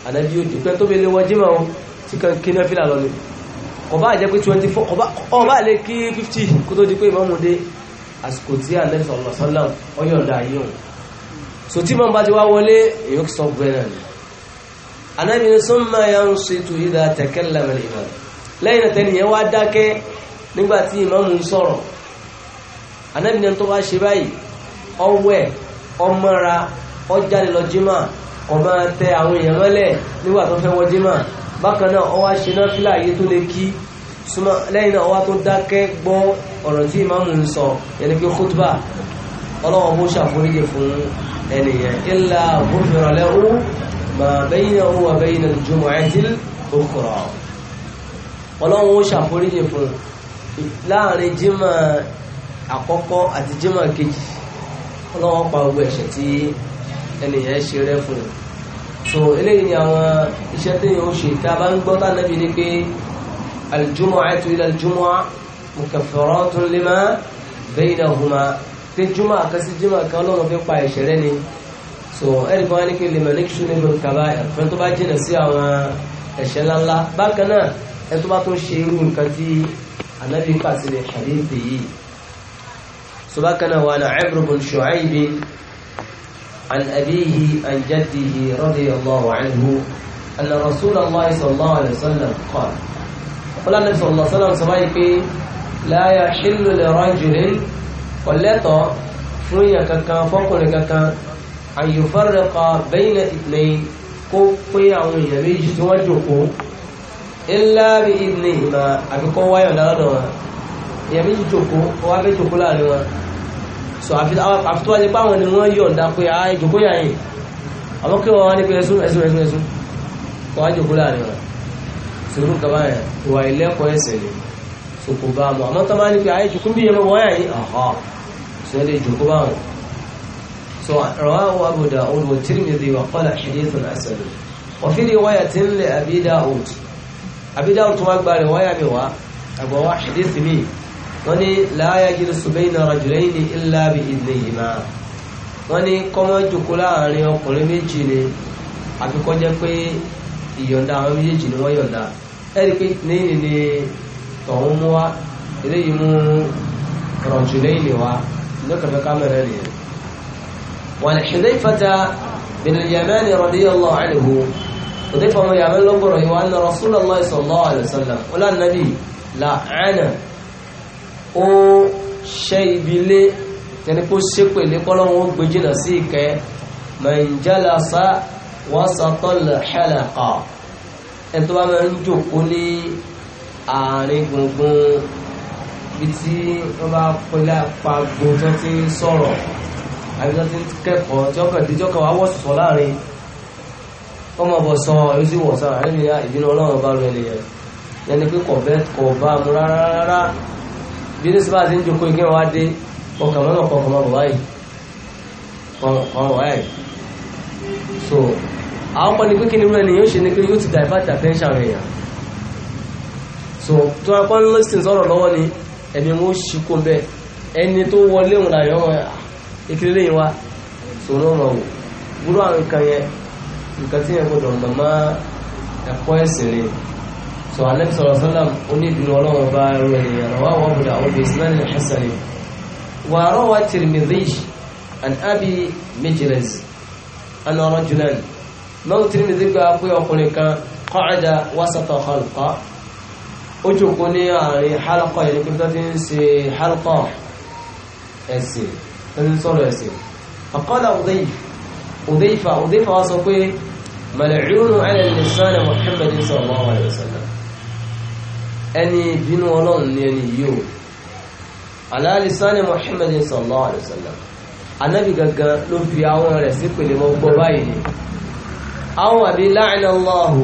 ànábi yóò dùpẹ́ tó bẹ́ẹ̀ lé jímọ̀ o tí kan kí náà fìlà lọ ni kọba àjẹ́ pé twenty four kọba ọba àlẹ́ kí fifty kó tó di pé ìmọ̀ ọmọdé àsìkò tí ànábi sọ̀rọ̀ sọ́lá ọyọ̀ǹda yìí hàn so tí mọ̀ bá ti wá wọlé èyí sọ bẹ́ẹ̀ náà anabi ni súnmọ́ ya ń ṣètò anábì ní tó wá ṣe báyìí ọwẹ́ ọmọra ọjáde lọ jímà ọmọ tẹ àwọn èèyàn mọ́lẹ̀ nígbà tó fẹ́ wọ jímà bákan náà ọwá ṣe náà fílà yìí tó lè kí súnmọ́ lẹ́yìn náà ọwá tó dákẹ́ gbọ́ ọ̀rọ̀ tí ìmáàmù ń sọ yẹn pé khutba ọlọ́wọ́ bó ṣàforíjì fún ẹnìyàn illa ghufira lahu ma baynahu wa bayna al-jumu'ati al-ukhra ọlọ́wọ́ ṣàforíjì fún láàrin jímà àkọ́kọ́ àti jímọ̀ kejì ọlọ́wọ́ pa gbogbo ẹ̀ṣẹ̀ tí ẹnìyàn ṣe rẹ́ fún un so eléyìí ni àwọn iṣẹ́ téèyàn ó ṣe tá a bá ń gbọ́ tánàbí ni pé al-jumu'atu ila al-jumu'a mukaffaratun lima baynahuma pé jùmọ̀ àkásí jùmọ̀ kan ọlọ́run fi pa ẹ̀ṣẹ̀ rẹ́ ni so ẹ̀rì kan wá ní kí lèmọ̀ ní kíṣù níbi kaba ẹ̀fẹ́ tó bá jìnà sí àwọn ẹ̀ṣẹ̀ ńláńlá bákan náà ẹ tó bá tó ṣe irú nǹkan tí ànábì pàṣẹ ní ṣàdéhìí سبكنا وانا عمرو بن شعيب عن أبيه عن جده رضي الله عنه أن رسول الله صلى الله عليه وسلم قال قال النبي صلى الله عليه وسلم سبايك لا يحل لرجل ولتا فنيا ككا فوقنا ككا أن يفرق بين اثنين كوفي أو يميج توجهه إلا بإذنهما أبقوا ويوم èèyàn méjì jòkó wá fẹ́ jòkó láàrin wọn so àfi tó wá jẹ pé àwọn ni wọ́n yọ̀ǹda pé a ah, jòkó yà yìí àmọ́ kí wọ́n wá ní pé ẹ̀sùn ẹ̀sùn ẹ̀sùn ẹ̀sùn wọ́n wá jòkó láàrin wọn sùúrù kaba yẹn wà ilẹ́kọ̀ọ́ ẹ̀sẹ̀ ni so kò bá mọ̀ àmọ́ tó bá ní pé a ah, jòkó bí yẹn wọ́n yà yìí ọ̀họ́ so ẹ̀ lè jòkó bá wọn so rawahu Abu Dawud wa Tirmidhi wa qala hadithun hasan wa fi riwayatin li Abi Dawud Abi Dawud tó wá gba rẹ̀ wáyà mi wá àgbà wá hadith mi wọ́n ní la yajlisu bayna rajulayni illa bi idhnihima wọ́n ní kọ́mọ́ jòkó láàrin ọkùnrin méjì ni àfi kó jẹ́ pé ìyọ̀ǹda àwọn méjèèjì ni wọ́n yọ̀ǹda ẹ̀rí pé níyìn ni tọ̀hún mú wa eléyìí mú rajulayni wa lọ́kàfẹ́ kámẹ́rẹ́ nìyẹn. wọ́n ní Hudhayfata bin al-Yaman radiyallahu anhu Hudhayfa ọmọ Yaman lọ́gbọ̀rọ̀ yìí wọ́n anna ó ṣẹ́ ibi lé tẹni kó ṣépè lé kọ́lọ́wọ́n ó gbé jìnà sí ìkẹ́ mẹ̀ǹjálàsá wọ́sàtọ́lẹ̀ hẹ́lẹ̀kà ẹni tó bá máa ń jòkó ní àárín gbùngbùn bí tí wọ́n bá pínlẹ̀ pàgbó tó ti ń sọ̀rọ̀ àbí tó ti ń kẹ́kọ̀ọ́ tí ọkàn ìdíjọ́ kan wá wọ́sọ̀ láàrin ọmọ bọ̀ sọ èyí sì wọ̀ sára ìbínú ọlọ́run bá rẹ̀ nìyẹn ẹni pé kọ̀ bá mu rárá rárá bí ní sábà ti ń jòkó igi wa dé ọkàn mọ́nà kọkàn mọ́ bàbá yìí kọ̀ọ̀kan bàbá yìí so àwọn kan ní pé kí ni irú ẹni yóò ṣe ni pé yóò ti divert attention rẹ̀ yàn so tó wọn pọ́n lọ́sìn sọ̀rọ̀ lọ́wọ́ ni ẹ̀mí wọn ó ṣì kó bẹ́ẹ̀ ẹni tó wọlé òun làyọ̀ wọn ìkíni lẹ́yìn wa so ní ọmọ wò gbúdọ̀ àwọn nǹkan yẹn nǹkan tí yẹn gbọdọ̀ mọ̀mọ́ ẹ̀kọ́ ẹ̀sìn rẹ̀ so anabi sọ̀rọ̀ sọ́lá onídùúró ọlọ́run bá ẹrú ènìyàn wà wọ́n bùdà àwọn bíi ismail hasan wà rọ́wà tirmidhi an abi mijrez an ọ̀rọ̀ junan náà tirmidhi gba pé ọkùnrin kan qa'ada wasata halqa ó jòkó ní àárín halqa yẹn nípa tó ń ṣe halqa ẹ̀sìn tó ń sọ̀rọ̀ ẹ̀sìn faqala udayf udayfa udayfa wá sọ pé mal'un ala lisan muhammadin sallallahu alaihi wasallam ẹni ìbínú ọlọ́run ní ẹni yìí o ala lisani muhammadin sallallahu alaihi wasallam anabi gangan ló fi àwọn rẹ̀ sí pèlè mọ́ gbọ́ báyìí ni àwọn àbí la'ana Allahu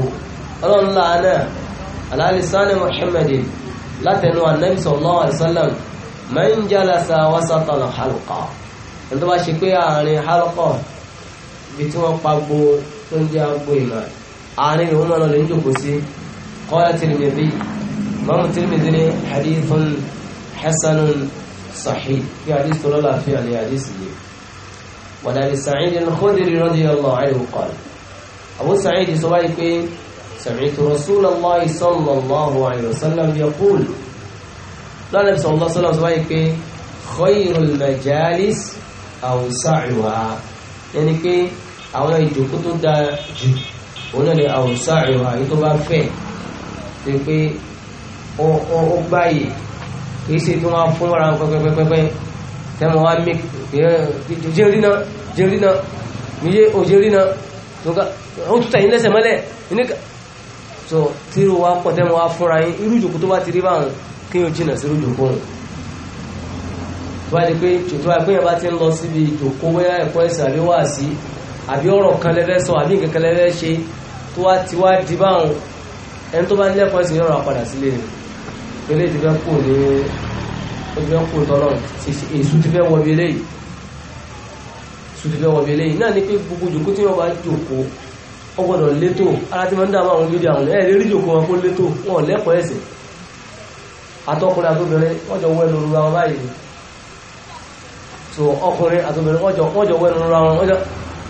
ọlọ́run láàánà ala lisani muhammadin látẹnu anabi sallallahu alaihi wasallam man jalasa wasatal halqa ẹni tó bá ṣe pé àárín halqa ibi tí wọ́n pa gbo tó ń jẹ́ agbo ìmọ̀ mọ́mù Tirmidhi ní hadithun hasanun sahih bí hadith tó lọ́la fi àlè hadith yìí wọ́n àlè Sa'id al-Khudri radiyallahu anhu qala Abu Sa'id sọ wáyé pé سمعت رسول الله صلى الله عليه وسلم يقول لا النبي صلى الله عليه وسلم pé خير المجالس أوسعها يعني pé àwọn ìjókòó tó dáa jù òun náà ni àwòsáàrùn àyè tó bá fẹ̀ ṣe pé ó gbáyè kìí ṣe tí wọ́n fún ra pẹ́pẹ́pẹ́pẹ́ tẹ́mọ̀ wá mí jẹ́rìnà jẹ́rìnà níyé ò jẹ́rìnà ó tútà yín lẹ́sẹ̀ mọ́lẹ̀ níka so tí ó wá pọ̀ tẹ́mọ̀ wá fúnra yín irú ìjòkó tó bá ti rí báwọn kí o jìnà sí irú ìjòkó wọn tó bá di pé tòtò àgbé yẹn bá ti ń lọ síbi ìjòkó wẹ́yà ẹ̀kọ́ ẹ̀sìn àbí wà sí àbí ọ̀rọ̀ kan lẹ́fẹ́ sọ àbí nǹkan kan lẹ́fẹ́ ṣe tó wá ti wá di báwọn ẹni tó bá ń lẹ́kọ̀ọ́ ẹ̀sìn yọ̀rọ̀ àpadà sílé rẹ̀ eléyìí ti fẹ́ kù ní ó ti fẹ́ kù tọ́lọ̀ èṣù ti fẹ́ wọbi eléyìí èṣù ti fẹ́ wọbi eléyìí náà ni pé gbogbo jòkó tí wọ́n bá jòkó ó gbọ́dọ̀ létò ara tí wọ́n ń dààmú àwọn mídíà wọn ẹ̀ lérí jòkó wọn kó létò wọn lẹ́kọ̀ọ́ ẹ̀sìn àtọkùnrin àtobìnrin wọ́n jọ wẹ́nu ra wọn báyìí so ọkùnrin àtobìnrin wọ́n jọ wọ́n jọ wẹ́nu ra wọn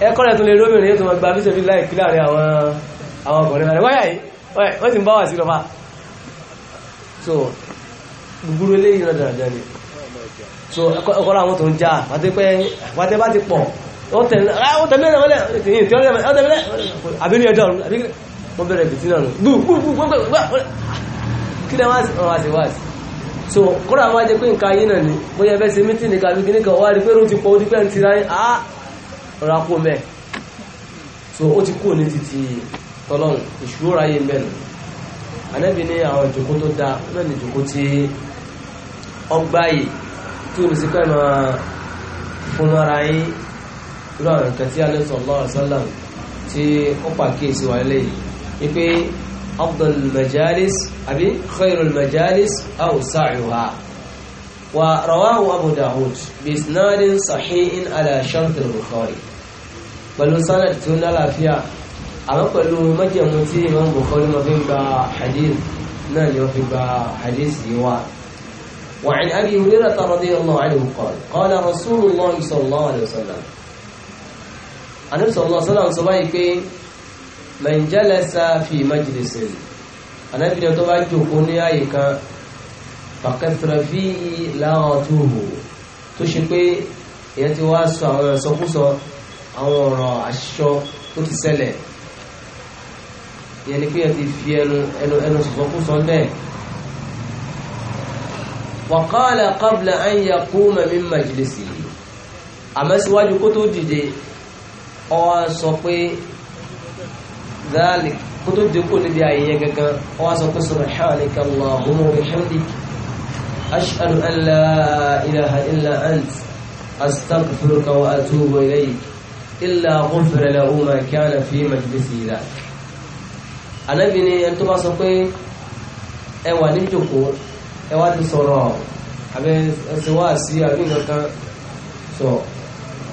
ẹ̀kọ́rẹ̀ tó lè rómìnrin yóò tó máa gba bíṣẹ̀bí láì kíláàrin àwọn ọkùnrin wáyà yìí wọ́n sì ń bá wà sí lọ́pàá so gbogbo eléyìí náà dáadáa ni so ọkọ̀lá àwọn tó ń já àti pé àpàtẹ bá ti pọ̀ wọ́n tẹ̀lé wọ́n tẹ̀lé wọ́n tẹ̀lé wọ́n tẹ̀lé wọ́n tẹ̀lé àbílẹ̀ ẹ̀dọ́ wọ́n bẹ̀rẹ̀ bìtì náà nù kí lẹ́ wá sí ọ̀rọ̀ àti wá sí so kọ́ra àwọn ajẹ́ pé nǹkan ayé náà ni bóyá ẹbẹ́ sí mítì nìkan bí kíníkan wá rí pé ó ti pọ̀ ó ti pẹ́ ń tira yín á ọ̀rọ̀ àpò mẹ́ so ó ti kú ní títí tọ́lọ́run ìṣúró ayé mẹ́rin ànábì ní àwọn ìjòkó tó da náà ní ìjòkó tí ọgbà yìí tí o ní sí pẹ́ẹ́mà fún ara yín irú àwọn nǹkan tí alẹ́ sallallahu alaihi wasallam tí ó pàkíyèsí wà lẹ́yìn ni pé afdal majalis àbí khairul majalis awsa'uha wa rawahu abu dawud bi isnadin sahihin ala shart pẹ̀lú sanad tí ó ní àwọn pẹ̀lú mọ́jẹ̀mú tí Imam Bukhari ma fi ń gba hadith náà ni wọ́n fi gba hadith yìí wá وعن أبي هريرة رضي الله عنه قال قال رسول الله صلى الله عليه وسلم النبي صلى الله عليه وسلم sọ báyìí في مجلس Ànábì tó bá jókòó ní àyè kan فكثر فيه لغته tó ṣe pé ìyẹn ti wá sọ àwọn ẹ̀sọ́kúsọ àwọn ọ̀rọ̀ àṣọ tó ti ṣẹlẹ̀ ìyẹn ni kéèyàn ti fi ẹnu ẹnu ẹnu sọ̀sọ́kú sọ bẹ́ẹ̀. wa qala qabla an yaquma min majlisihi àmọ́ síwájú kó tó dìde ó wá sọ pé dáàlì kó tó dìde kó níbi àyè yẹn gangan ó wá sọ pé subhanaka Allahumma wa bihamdik ashhadu an la ilaha illa ant astaghfiruka wa atubu ilayk illa ghufira lahu ma kana fi majlisihi dhalik ànábì ni ẹni tó bá sọ pé ẹ wà ní jòkó ẹ wá ti sọ̀rọ̀ àbẹ ẹsẹ̀ wá sí àbí nǹkan kan sọ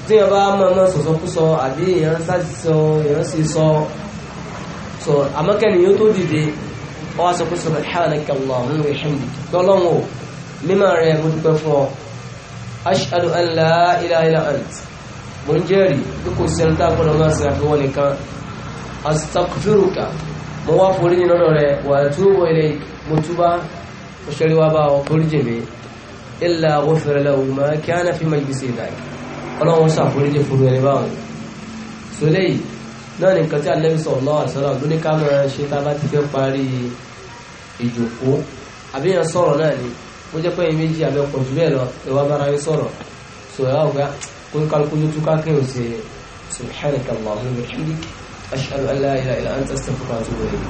tí yẹn bá máa máa sọ̀sọ́ kú sọ àbí èèyàn sá ti sọ èèyàn sì sọ sọ àmọ́kẹ́ni yóò tó dìde ọ wá sọ pé subhanaka Allahumma wa bihamdika lọ́lọ́wọ́ mímọ̀ rẹ̀ mo dúpẹ́ fún ọ ashhadu an la ilaha illa mo ń jẹ́rìí bí kò sí ẹni tá a gbọ́dọ̀ máa ṣe àfiwọ́ nìkan astaghfiruka mo wá forí ní lọ́dọ̀ rẹ̀ wà túbọ̀ ilé mo túbá mo ṣẹ́rí wá bá ọ forí jì mí ilà ghufira lahu ma kana fi majlisi ìdáyì ọlọ́run ṣàforí jì fún ẹni báwọn. sọlẹ́ yìí náà ní nǹkan tí Ànábì sallallahu alaihi wasallam ló ní ká máa ṣe tá a bá ti fẹ́ parí ìjòkó àbí yẹn sọ̀rọ̀ náà ni ó jẹ́ pé méjì àbí ọkọ̀ jù bẹ́ẹ̀ lọ ẹ̀wá bára yín sọ̀rọ̀ sọ̀rọ̀ ọ̀gá ah, kó kálukú yóò túká kí n ṣe subhanaka wa bihamdika ashhadu an la ilaha illa anta astaghfiruka wa atubu ilayk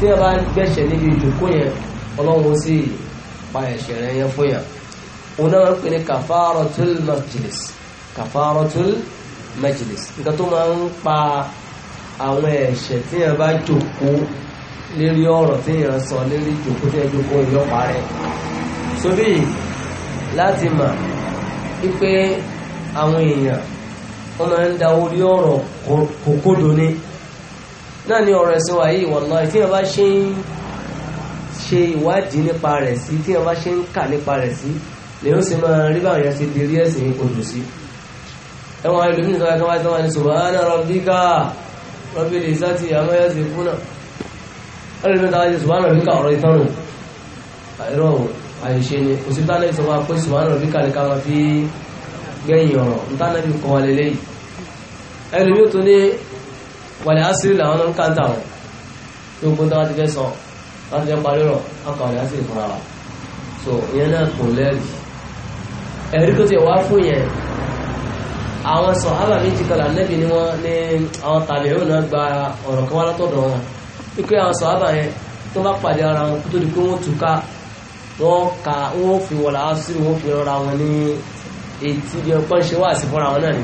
tí ẹ bá gbẹ̀ṣẹ̀ níbi ìjòkó yẹn ọlọ́run sì pa ẹ̀ṣẹ̀ rẹ̀ yẹn fún yàn òun náà ń pè ní kafaratul majlis kafaratul majlis nǹkan tó máa ń pa àwọn ẹ̀ṣẹ̀ tí ẹ bá jòkó lérí ọ̀rọ̀ tí ẹ sọ lérí ìjòkó tí ẹ jòkó ìyọ́pa rẹ̀ sóbì láti mà wípé àwọn èèyàn wọ́n máa ń da orí ọ̀rọ̀ kòkòdó ní náà ni ọ̀rọ̀ ẹ̀sìn wa yìí wallahi tí wọ́n bá ṣe ń ṣe ìwádìí nípa rẹ̀ sí tí wọ́n bá ṣe ń kà nípa rẹ̀ sí lèyìn ó sì máa rí báwọn yẹn ṣe di rí ẹ̀sìn yìí kojú sí. ẹwọn ẹlòmíì sọ wáyé tó wáyé subhana rabbika rabbil izzati amma yasifuna ẹlòmíì tó wáyé subhana rabbika ọ̀rọ̀ ìtọ́nù àìrọ̀ àìṣe ni kò sí ni ọ̀rọ̀ ntánà fi kọ́ wàlẹ̀ àṣírí làwọn ń káńtà wọn tí ogun tó wá ti fẹ́ sọ láti fẹ́ parí rọ̀ ọkọ̀ wàlẹ̀ àṣírí fúnra wa so ìyẹn náà kò lẹ́rìí ẹ̀rí tó ti wá fún yẹn àwọn sàhábà méjì kan lànẹ́bì ni wọ́n ní àwọn tàbíyàn náà gba ọ̀rọ̀ kan wá látọ̀dọ̀ wọn wípé àwọn sàhábà yẹn tó bá pàdé ara wọn kó tó di pé wọ́n túká wọ́n ka wọ́n fi wọ̀lá àṣírí wọ́n fi rọra wọn ní ètí bí ọpọ́n ṣe wá sí fúnra wọn náà ni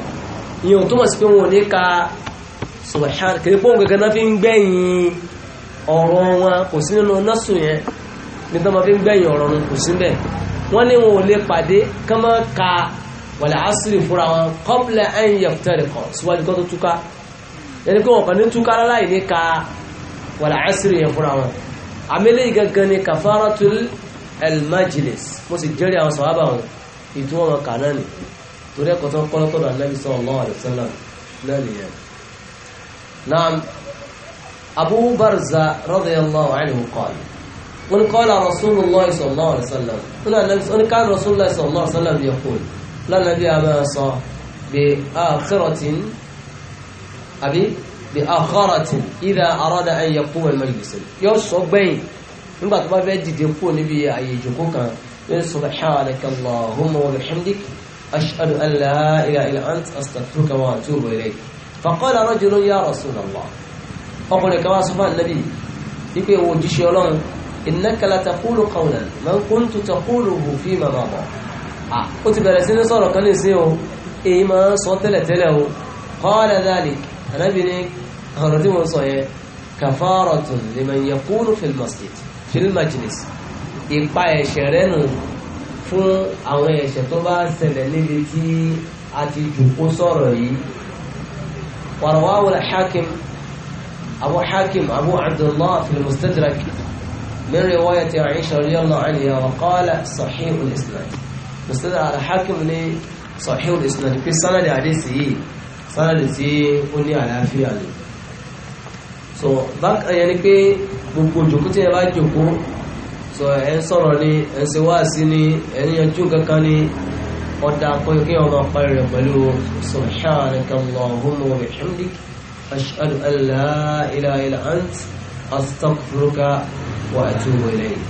ìyẹn ò túmọ̀ sí pé wọn ò ní ka subhan kìí pọ́n gẹ́gẹ́ náà fi ń gbẹ̀yìn ọ̀rọ̀ wọn kò sí nínú nọ́ọ̀sù yẹn ní tó máa fi ń gbẹ̀yìn ọ̀rọ̀ wọn kò sí bẹ́ẹ̀ wọ́n ní wọn ò lè pàdé kán máa ka wal asri fúnra wọn qabla an yaftariqa síwájú kó tó túká yẹni pé wọn kàn ní túká láláì ní ka wal asri yẹn fúnra wọn àmẹ́lẹ́ gẹ́gẹ́ ni kafaratul al mo sì jẹ́rìí àwọn sàhábà wọn ìtumọ̀ wọn náà ni torí ẹ̀kọ́ tó ń kọ́ lọ́tọ̀dọ̀ Ànábì sallallahu alaihi wasallam náà nìyẹn نعم أبو برزة رضي الله عنه قال من قال رسول الله صلى الله عليه وسلم هنا أن كان رسول الله صلى الله عليه وسلم يقول لا نبي أماسا بآخرة أبي بآخرة إذا أراد أن يقوم المجلس يرسل بين من بعد ما بيجد يقول نبي أي جنكوكا من سبحانك اللهم وبحمدك أشهد أن لا إله إلا أنت أستغفرك وأتوب إليك faqala rajulun ya Rasulullah ọkùnrin kan wá sọ fún ànábì wípé wo jíṣẹ́ ọlọ́run innaka la taqulu qawlan ma kuntu taquluhu fima mada ó ti bẹ̀rẹ̀ sí ní sọ̀rọ̀ kan nìsín o èyí máa ń sọ tẹ́lẹ̀tẹ́lẹ̀ o qala dhalik ànábì ní ọ̀rọ̀ tí mo sọ yẹn kafaratun liman yaqulu fil masjid fil majlis ipa ẹ̀ṣẹ̀ rẹ̀ nù fún àwọn ẹ̀ṣẹ̀ tó bá ṣẹlẹ̀ níbi tí a ti jòkó sọ̀rọ̀ yìí ورواه الحاكم أبو حاكم أبو عبد الله في المستدرك من رواية عائشة رضي الله عنها وقال صحيح الإسناد مستدرك على حاكم لي صحيح الإسناد في سنة حديثه سنة سي قلني على في so back يعني كي gbogbo jòkó tí ẹ bá so ẹ ń sọ̀rọ̀ ni ẹ ń ṣe wáàsí وتعقل يوم قال قلو سبحانك اللهم وبحمدك أشهد أن لا إله إلا أنت أستغفرك وأتوب إليك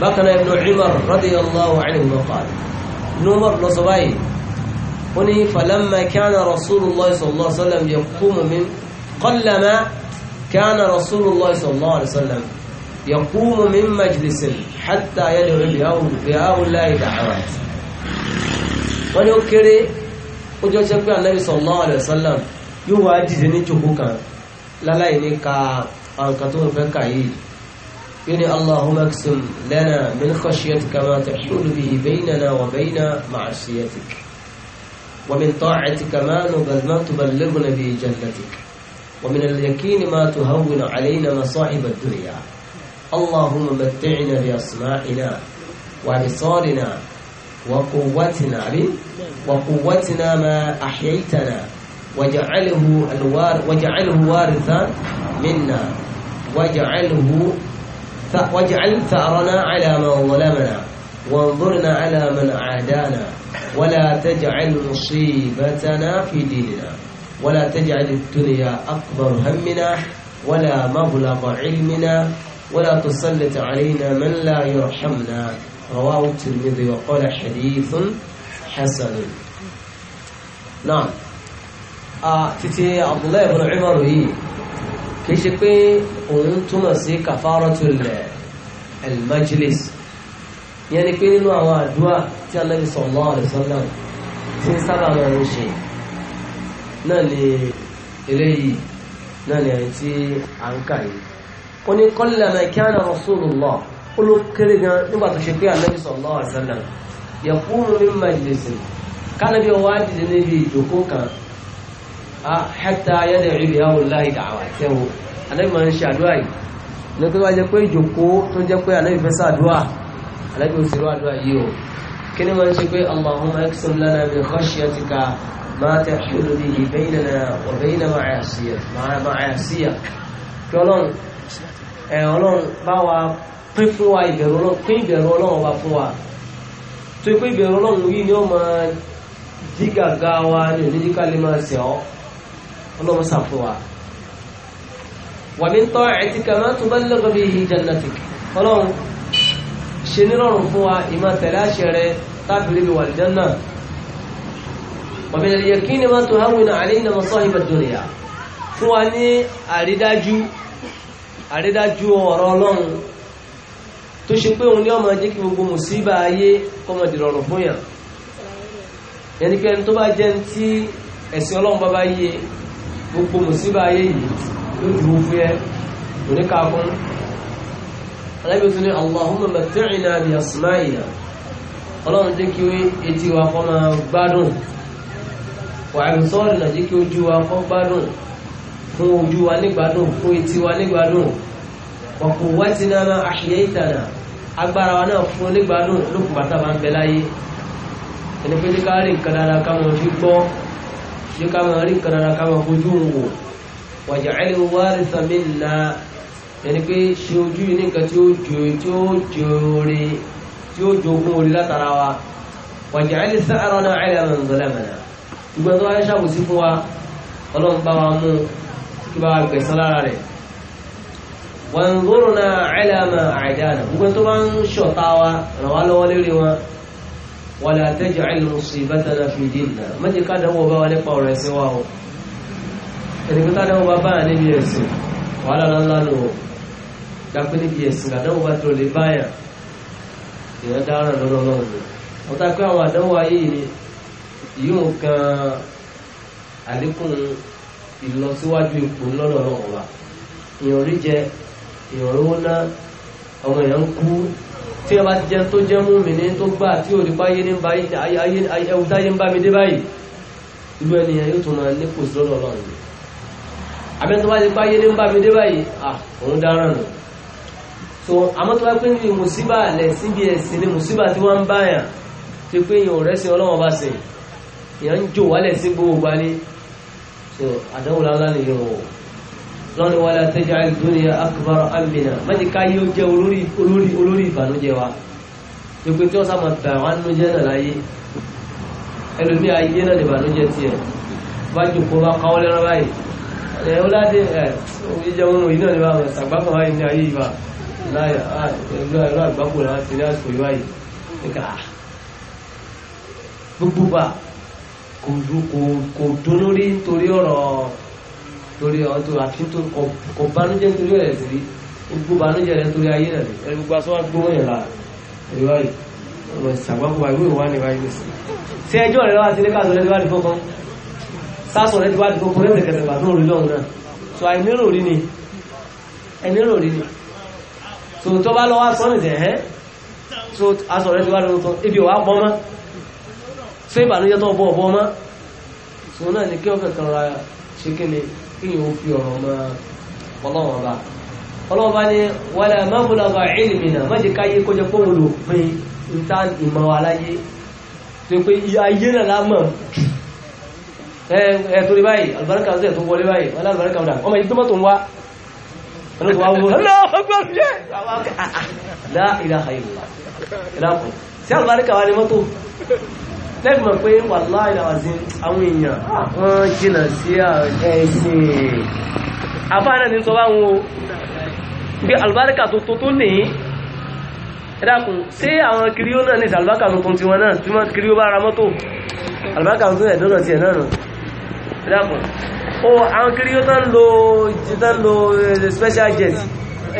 بقنا ابن عمر رضي الله عنه قال نمر لصبي هنا فلما كان رسول الله صلى الله عليه وسلم يقوم من قلما كان رسول الله صلى الله عليه وسلم يقوم من مجلس حتى يدعو بأول الله دعوات wọ́n ní ó kéré ó jọ jẹ́ pé anabi sallallahu alaihi wasallam yóò wá dìde ní jòkó kan láláì ní ka àǹkà tó ń fẹ́ kà yìí yóò ní allahumma iqsim lana min khashyatika ma tahulu bihi baynana wa bayna ma'asiyatika wa min ta'atika ma tuballighuna bihi jannatika ومن اليقين ما تهون علينا مصائب الدنيا اللهم متعنا وقوتنا عبي وقوتنا ما أحييتنا واجعله الوار وجعله وارثا منا واجعله وجعل واجعل ثأرنا على من ظلمنا وانظرنا على من عادانا ولا تجعل مصيبتنا في ديننا ولا تجعل الدنيا أكبر همنا ولا مبلغ علمنا ولا تسلط علينا من لا يرحمنا رواه الترمذي وقال حديث حسن نعم títí Abdullahi ibn Umar yìí kìí ṣe pé òun túmọ̀ sí kafaratul al-majlis ìyẹn ni pé nínú àwọn àdúrà tí Ànábì sallallahu alaihi wasallam tí ń sábà máa ń ṣe náà ni eléyìí náà ni àyè tí à ń kà yìí. ó ní qallama kana Rasulullah ó ló kéré gan nígbà tó ṣe pé ànábì sallallahu alaihi wasallam yaqumu min majlisin kánàbí ọwọ́ á dìde níbi ìjókòó kan hatta yẹ́dẹ̀ rí ìyáwó láì dàwà tẹ́wọ́ ànábì máa ń ṣe àdúrà yìí ní pé wá jẹ́ pé ìjókòó tó jẹ́ pé ànábì fẹ́ sàdúrà ànábì ò sì rú àdúrà yìí o kí ni wọ́n ń Allahumma iqsim lana min khashyatika ما تحول به بيننا وبين معاصيك مع معاصيك Ọlọ́run ẹ Ọlọ́run bá wa pín fún wa ìbẹ̀rù ọlọ́run pín ìbẹ̀rù ọlọ́run wa fún wa tó pé ìbẹ̀rù ọlọ́run yìí ni ó máa dí gàgá wa ní onídíkà lè máa sẹ̀ ọ́ ọlọ́run sàfún wa. wà ní tọ́ ẹ̀tí kàmá tó bá lọ́gọ́ bí ihi jannati ọlọ́run ṣe nírọ̀rùn fún wa ìmọ̀ tẹ̀lé àṣẹ rẹ tábìlì bí wàlìjẹ́ náà. wà mí lè kí ni máa tó hàwìn àlẹ́ ìnáwó sọ́hìbà dúnìyà fún wa ní àrídájú àrídájú ọ̀rọ̀ ọlọ́run tó ṣe pé òun ní ọmọ jẹ́ kí gbogbo mùsíbà ayé kọ́mọ dìrọ̀rùn fún yàn ẹni pé ẹni tó bá jẹ́ tí ẹ̀sìn ọlọ́run bá bá yé gbogbo mùsíbà ayé yìí ló dúró fún yẹ oníkàkún alábí tó ní Allahumma matti'na bi asma'ina ọlọ́run jẹ́ kí etí wa kọ́ máa gbádùn wà á sọ́ọ̀rì náà jẹ́ kí ojú wa kọ́ gbádùn fún ojú wa nígbádùn fún etí wa nígbádùn wa quwwatina ma ahyaytana agbára wa náà fún onígbàdùn lókùn bàtà bá ń bẹ láyé ẹni pé ká rí nǹkan dára ká mọ̀ fi gbọ́ ṣé ká mọ̀ rí nǹkan dára ká mọ̀ fojú wò waj'al waritha minna ẹni pé ṣe ojú yìí ní nǹkan tí ó jò tí ó jò rí tí ó jogún orí látara wa waj'al sa'rana 'ala man zalamana ìgbà tó wáyé ṣàbòsí fún wa ọlọ́run bá wa mú kí bá wa gbẹ̀san lára rẹ̀ wanzurna ala ma a'dana gbogbo tó bá ń ṣọ̀tá wa ràn wá lọ́wọ́ lérí wọn wala taj'al musibatana fi dinna méjì ká dánwò bá wa nípa ọ̀rọ̀ ẹ̀sìn wa o ẹni pé ká dánwò bá báyà níbi ẹ̀sìn wàhálà ńláńlá lò ó dápé níbi ẹ̀sìn àdánwò bá tó lè báyà èèyàn dáràn lọ́dọ̀ lọ́rùn ni wọ́n ta pé àwọn àdánwò ayé ni yóò kan àlékún ìlọsíwájú ipò lọ́dọ̀ lọ́wọ́ wa èèyàn rí èèyàn rówó ná àwọn èèyàn ń kú tí ẹ bá ti jẹ tó jẹ mú mi ní tó gbà tí òní bá yé ní bá ẹwù táyé ń bá mi dé báyìí ìlú ẹnìyàn yóò tún máa ní kò sí lọ́dọ̀ ọlọ́run yìí àbẹ́ tó bá ti báyé ní bá mi dé báyìí à òun nù so àmọ́ tó bá pé ní mùsíbà lẹ̀ síbi ẹ̀sìn ni mùsíbà tí wọ́n ń báyàn ti pé èèyàn rẹ́sìn ọlọ́wọ́n bá sìn èèyàn ń jò wálẹ̀ sí gbogbo gbani so àdánwò lálá nìyẹn o lọ́nà wala taj'al dunya akbar amina mẹ́jì ká yóò jẹ́ olórí olórí olórí ìbànújẹ́ wa gbogbo tí wọ́n sá máa bẹ̀ wọ́n nú jẹ́ náà láyé ẹlòmí ayé náà ní ìbànújẹ́ tiẹ̀ bá jòkó bá káwọ́ lẹ́rọ báyìí ẹ̀ ó ládé ẹ̀ omi jẹ́ wọn òyìn náà ní báwọn ṣàgbákò wáyé ní ayé ìbá láyà ẹ̀rọ àgbákò náà ti ní àsìkò ìwáyé nígbà gbogbo bá kò dún lórí nítorí ọ̀rọ̀ torí ọ̀tọ̀ àtúntò ọ̀bánújẹ́ torí ẹ̀ sí gbogbo bánújẹ́ rẹ̀ torí ayé rẹ̀ ẹ̀rù gbogbo aṣọ wa gbówó yẹn la ẹ̀rù wáyé ọmọ ìṣàgbọ́gbọ́ ìwé ìwà ni wáyé sí. ṣé ẹjọ́ rẹ̀ wá sí ilé káàtó rẹ̀ ti wá di fọ́kàn sáàsọ̀ rẹ̀ ti wá di fọ́kàn rẹ̀ tẹ̀kẹ̀tẹ̀ bàtún òrí lọ́hùn náà so àìnírò rí ni ẹnírò rí ni so tó bá lọ wá sọ nìjẹ́ ẹ́ so aṣọ rẹ̀ ti wá di fọ́kàn ibi ò wá pọ́ mọ́ ṣé ìbànújẹ́ so náà ni kí ọkẹ̀ kan ni kíyàn ó fi ọ̀rọ̀ mọ́ ọlọ́wọ́n bá ọlọ́wọ́n bá ní wala mablagha ilmina mọ́jẹ káyé kó jẹ pọ́wọ́ lò pé ń ta ìmọ̀ aláyé tó pé ayé náà lámọ̀ ẹ torí báyìí alùbáríkà ọ̀sẹ̀ tó wọlé báyìí wọn alùbáríkà ọ̀dà ọmọ ìdí tó mọ́tò ń wá wọn tó wá wọ la ilaha illallah ìlàkùn sí alùbáríkà wa mọ́tò lẹ́gbọ̀n pé wàláhì àzín àwọn èèyàn wọ́n jìnà sí ẹ̀sìn àbára ní sọ báwọn o bí albáríkà tó tó tó ní ẹ̀dàkùn sí àwọn kiri ó náà ní albáríkà tó tún tiwọn náà tí wọ́n kiri ó bá ra mọ́tò albáríkà tó ẹ̀dọ́dọ̀ tiẹ̀ náà nù ẹ̀dàkùn lo tán lo eh, special jet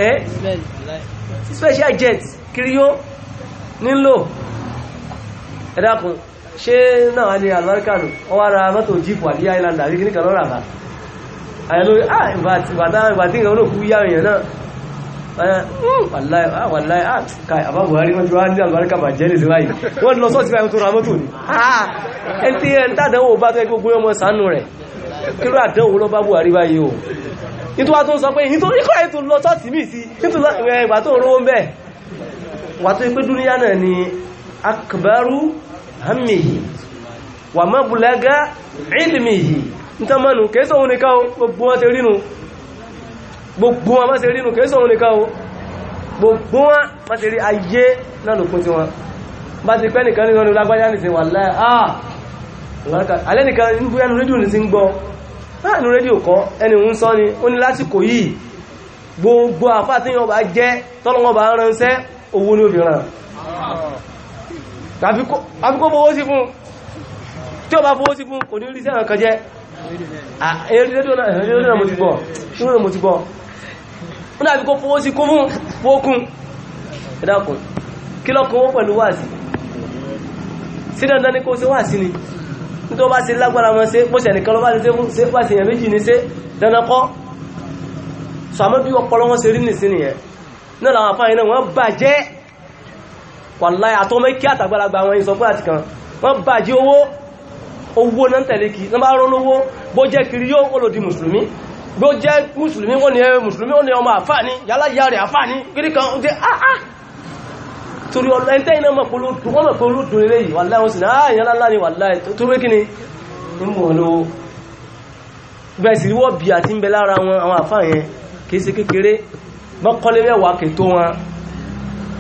ẹ́ special jet kiri ó nílò ẹ̀dàkùn ṣé náà ní almarkanu wọ́n wá ra mọ́tò jíìpù àbí island àbí kí ní kan àyẹ̀lórí ah ìbàtí ìrìn olókú yá èèyàn náà wàláì wàláì àkà àbá buhari wọ́n ti wá ní albarka bà jẹ́ nílé báyìí wọ́n lọ sọ́ọ̀tí báyìí tó ra mọ́tò ní ah, ẹn tí ẹn tàdánwò bá tó ẹgbẹ́ gbogbo ọmọ sànú rẹ̀ kí ló àdánwò lọ bá buhari báyìí o nítorí tó ń sọ pé nítorí kọ́ ètò lọ sọ́ọ̀tì mí sí nítorí ìgbà tó ń rówó ń bẹ̀ hammihi wà má bùlágá ilmihi ntamanu kẹsọ̀ òun nìkan gbogbo wọn ti ah! rínú ah, gbogbo wọn bá ti rínú kẹsọ̀ òun nìkan gbogbo wọn aye ti rí ti pẹ́ nìkan nínú lágbájá nìsín wà láì àà alẹ́ nìkan nígbó ẹnu rédíò n'i sí ń gbọ́ láàrin rédíò kọ́ ẹni ń sọ ni ó ní lásìkò àbíkó fowó sí fún tí ó bá fowó sí fún kò ní ríṣẹ́ àwọn kan jẹ́ ẹ̀rẹ́dẹ́dọ́nà mo ti gbọ́ ṣúrùn mo ti gbọ́ ní àbíkó fowó sí kún fún fókún ẹ̀dàkùn kí lọ́kùn ó pẹ̀lú wáàsí sí dandan ní kó ṣe wáàsí ni ní tó bá ṣe lágbára mọ́ sí pọ́sẹ̀ nìkan lọ bá ṣe fún sí pàṣẹ èèyàn méjì ní sí dandan kọ́ sọ àmọ́ bí ọpọlọ wọn ṣe rí nìsí nìyẹn náà làwọn àfáàyàn náà wọ́n bàjẹ́ wàláyà àtọ́mọ́ kí àtàgbàlagbà àwọn ìsọ̀pọ̀ àti kan wọ́n bàjí owó owó náà tẹ̀lé kí náà bá rán lówó bó jẹ́ kiri yóò olòdì musulmi bó jẹ́ mùsùlùmí wọ́n ni ẹ mùsùlùmí wọ́n ni ọmọ àfáàní yálà ìyá rẹ̀ àfáàní kiri kan ó jẹ́ áá ah, ah. torí ọlọ́ẹ̀ntẹ́ iná mọ̀ pé olódùn ilé yìí wàláyà ó sì náà ah, àyàn lálá ni wàláyà tó pé kíni ní mọ̀ lówó bẹ́ẹ̀ sì wọ́ bí àti ń bẹ lára wọn àwọn àfáà yẹn kì í ṣe kékeré bọ́kọ́lé mẹ́wàá kètò wọn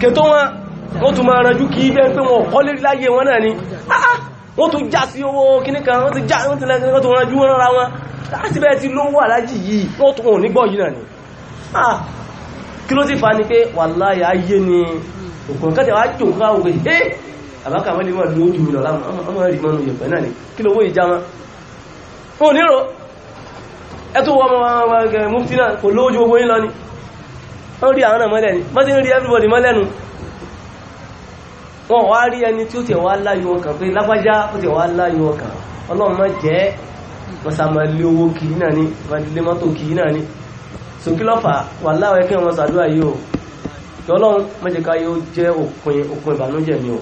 kètò wọn wọ́n tún máa ranjú kí bẹ́ẹ̀ pé wọ́n kọ́ lérí láyé wọn náà ni ah, ah, wọ́n tún já sí owó kíníkan wọ́n tún já wọ́n tún lẹ́gbẹ̀ẹ́ tó ranjú wọn rárá wọn láti bẹ́ẹ̀ ti lówó alájì yìí wọ́n ni ah, kí ló sì fa ni pé ayé ni òkùn kẹ́tẹ̀ wá jò àbákà wọ́n wọn wá rí ẹni tí ó tẹ̀ wá láyé ọkàn pé lágbájá ó tẹ̀ wá láyé ọkàn ọlọ́run jẹ́ mọ́sàmọ́lé owó kì náà ni mọ́sàmọ́lé mọ́tò náà ni sòkílọ́fà wà láwọn ẹkẹ́ wọn sàdúrà yìí o kí ọlọ́run má jẹ́ ká yóò jẹ́ òpin òpin ìbànújẹ́ mi o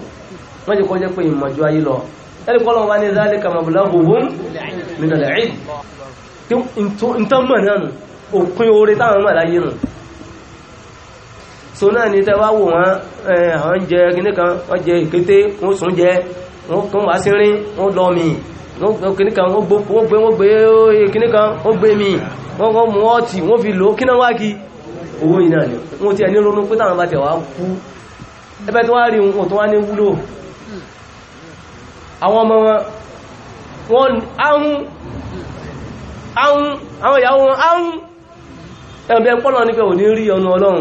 má jẹ́ kó jẹ́ pé ìmọ̀jú ayé lọ ẹni kọ́ lọ́wọ́ bá ní záálé so náà ni tẹ́ wá wò wọ́n àwọn jẹ kíní kan wọ́n jẹ ìkété wọ́n sùn jẹ wọ́n kàn wá sí rín wọ́n lọ mì kíní kan wọ́n gbé wọ́n gbé kíní kan wọ́n gbé wọ́n mú ọtí wọ́n fi lò wá kí ti ronú pé táwọn bá tẹ̀ wá kú ẹbẹ́ tó wá rí wọn tó wá ní ọmọ wọn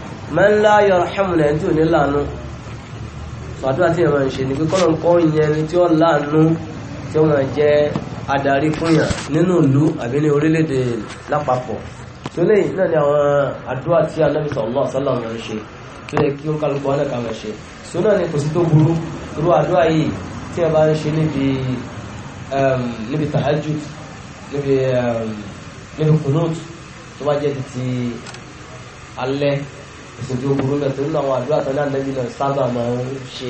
man la yarhamuna ẹni tí ò ní láàánú fàdúrà tí ìyẹn máa ń ṣe ni pé kọ́nà ń kọ́ ìyẹn ni tí ó láàánú tí ó máa jẹ́ adarí fúnyà nínú ìlú àbí ní orílẹ̀-èdè lápapọ̀ tó lẹ́yìn náà ni àwọn àdúrà tí anábì sallallahu alaihi wasallam ń ṣe tó yẹ kí ó kálukú wọn náà máa ṣe tó náà ni kò sí tó burú irú àdúrà yìí tí ẹ bá ń ṣe níbi ehm, níbi tahajjud níbi ehm, níbi kunut tó bá jẹ́ ti alẹ́ ìṣojú burú náà tó ń náà àwọn àdúrà tó náà lẹ́yìn náà sábà máa ń ṣe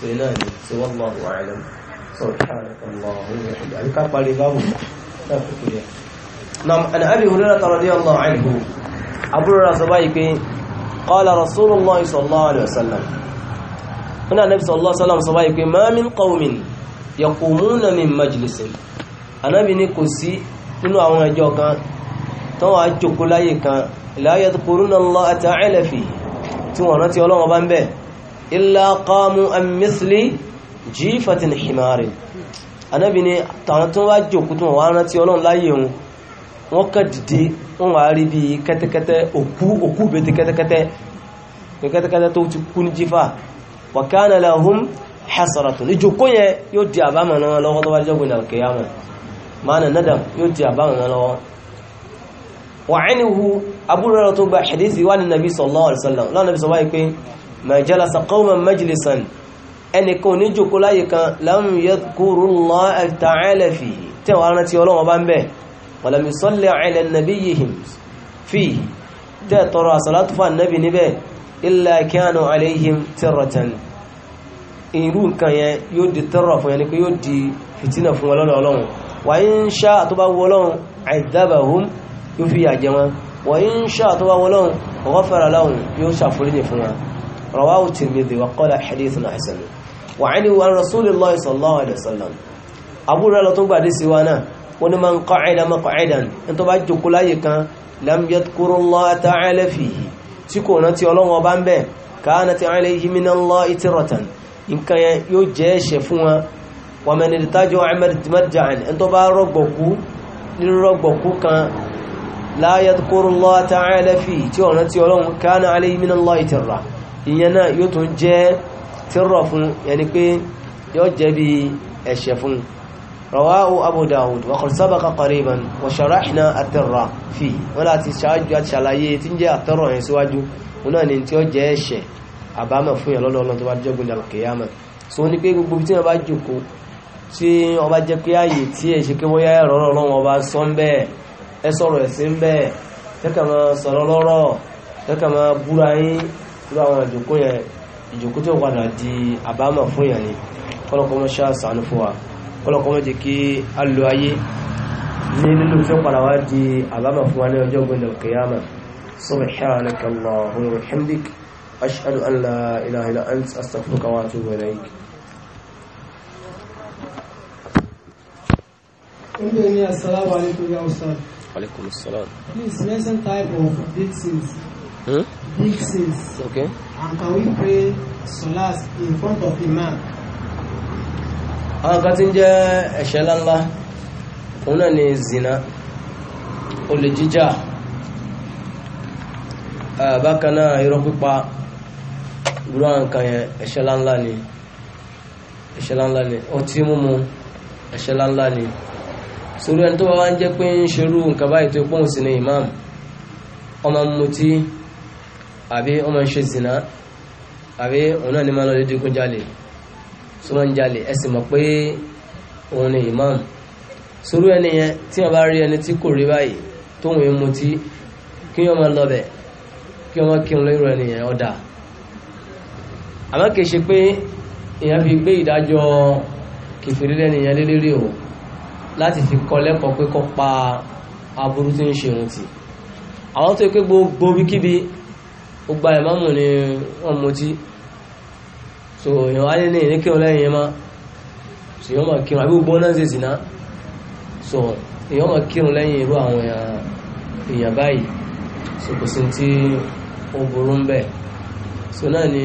ṣe náà ní tí wọ́n mọ̀ wà lọ sọ̀rọ̀ قال رسول الله صلى الله عليه وسلم هنا النبي الله عليه وسلم ما من قوم يقومون من مجلس Ànábì ní kò sí nínú àwọn ẹjọ́ kan tó wà la yadhkuruna Allah ta'ala fi tí wọ́n rántí ọlọ́wọ́ bá ń bẹ̀ illa qamu am mithli jifatin himari anábi ni tàwọn tó wá jòkú tó wọ́n rántí ọlọ́run láyé wọn wọ́n kà dìde wọ́n wá rí bí kẹ́tẹ́kẹ́tẹ́ òkú òkú bètè kẹ́tẹ́kẹ́tẹ́ kẹ́tẹ́kẹ́tẹ́ tó ti kú ní jífà wa kana lahum hasaratun ìjòkó yẹn yóò di àbámọ̀ náà lọ́wọ́ tó bá jọ́gbìn al-qiyamah mana nadam yóò di àbámọ̀ náà lọ́wọ́ wà ẹni hu abúrẹ́rọ tó gba hadithi wà ní nàbí sallallahu alaihi wasallam lọ́nà nàbí sọ̀lọ́ pé ma jalasa qawman majlisan ẹnìkan ní jòkó láyé kan lam yadhkurullaha ta'ala fihi tí wọ́n rántí ọlọ́wọ́ bá ń bẹ̀ wa lam yusalli ala nabiyyihim fihi tẹ́ tọrọ àsàlátù fún ànábì níbẹ̀ illa kanu alayhim tirratan irú nǹkan yẹn yóò di tẹ́rọ fún yẹn ni pé yóò di fìtínà fún ọlọ́run wa in sha'a tó bá wọ ọlọ́run àìdábàhùn yóò fi yà وإن شاء طبعا ولون غفر لهم يوشع فريني فنا رواه الترمذي وقال حديث حسن وعن عن رسول الله صلى الله عليه وسلم أبو رالة تنبع دي سوانا ونمن قعد مقعدا انتو بأجو كلايكا لم يذكر الله تعالى فيه سيكونا تيولون وبامبه كانت عليه من الله ترة إن كان يجيش فوا ومن التاج وعمل مرجعا انتو بأرغبكو لرغبكو كان la yadhkurullaha ta'ala fi tí ọ̀nà tí ọlọ́run kana alayhi minallahi tirra ìyẹn náà yóò tún jẹ́ tirra fún yẹni pé yóò jẹ́ bí ẹ̀ṣẹ̀ fún rawahu abu dawud wa qad sabaqa qariban wa sharahna at-tirra fi wọ́n láti ṣáájú àti ṣàlàyé tí ń jẹ́ at-tirra yẹn síwájú wọn náà ni tí ó jẹ́ ẹ̀ṣẹ̀ àbámọ̀ fún yẹn lọ́dọ̀ ọlọ́run tó bá jọ́gbìn dàlùkìyàmọ̀ so ní pé gbogbo tí wọ́n bá jòkó tí wọ́n bá jẹ́ pé ààyè tí ẹ̀ ṣe pé wọ́n yá ẹ̀rọ ọlọ́run ọba sọ́ńbẹ́ẹ̀ ẹ sọ̀rọ̀ ẹ̀sìn bẹ́ẹ̀ tẹ́kà máa sọ̀rọ̀ lọ́rọ̀ tẹ́kà máa búra yín lọ àwọn ìjòkó yẹn ìjòkó tó padà di àbámọ̀ fún yẹn ni kọ́lọ́kọ́ mọ́ ṣe àṣàánú fún wa kọ́lọ́kọ́ mọ́ jẹ́ kí á lo ayé ní lílo tó padà wá di àbámọ̀ fún wa ní ọjọ́ gbọ́dọ̀ kìyàmà subhanaka allahumma wa bihamdik ashhadu an la ilaha illa anta astaghfiruka wa atubu ilayk Assalamu alaikum ya ustaz Alaikum salam. Please mention type of big sins. Hmm? Big sins. Okay. And can we pray salat in front of imam? Àwọn kan tí ń jẹ́ ẹ̀ṣẹ̀ ńláńlá, òun náà ni zina, olè jíjà, bákan náà irọ́ pípa, irú àwọn nǹkan yẹn ẹ̀ṣẹ̀ ńláńlá ni, ẹ̀ṣẹ̀ ńláńlá ni, ọtí mímu ẹ̀ṣẹ̀ ńláńlá ni sórí ẹni tó bá wá ń jẹ́ pé ń ṣerú nǹkan báyìí tó pọ́n sí ni imam ọmọ mutí àbí ọmọ ṣe zina àbí òun náà ni máa ń lọ lé dínkù jalè sọmọ ń jalè ẹ sì mọ̀ pé òun ni imam sórí ẹni yẹn tí wọ́n bá rí ẹni tí kò rí báyìí tóun ń mutí kí wọ́n máa lọ kí wọ́n máa kí wọn lérò ẹni yẹn ọ̀dà àmọ́ kì í ṣe pé èèyàn fi gbé ìdájọ́ kìfìrí lẹ́ni yẹn lélẹ́rìí o láti fi kọ́ lẹ́kọ̀ọ́ pé kọ́ pa aburú tí ń ṣe òun tì àwọn tó pé gbogbo bíkíbi ó gba ni wọ́n mutí so èèyàn wá ní ní kírun lẹ́yìn yẹn má so èèyàn máa kírun àbí gbogbo náà ṣe sì so èèyàn máa kírun lẹ́yìn irú àwọn èèyàn báyìí so kò sí tí ó burú ń bẹ̀ so náà ni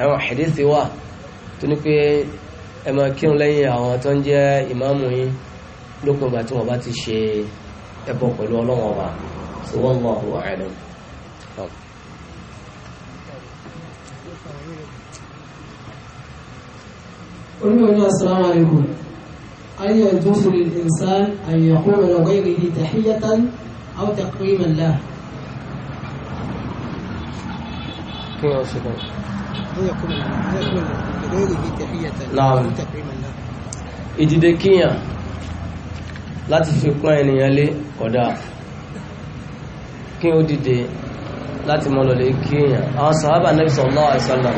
àwọn àdéhìí wà tó ní pé ẹ máa kírun lẹ́yìn àwọn tó ń jẹ́ ìmáàmù yín lópin ìgbà tí wọ́n bá ti ṣe ẹbọ pẹ̀lú ọlọ́wọ́n ọba tí wọ́n mọ̀ ọ̀hún àìlẹ́ olùwẹ̀ni asalaamu alaykum ayé ẹ̀dúnṣe ìsán àyẹ̀kú ọ̀rọ̀ wẹ́rẹ̀ ní tàhíyàtàn àwọn tàkìrìmọ̀ láà kí wọ́n ṣe báyìí ìdìde kíyàn láti fi pọ́n ènìyàn lé kódà kí ó dìde láti mọ́ lọ́lẹ̀ kíyàn àwọn sàhábà Ànábì sallallahu alaihi wasallam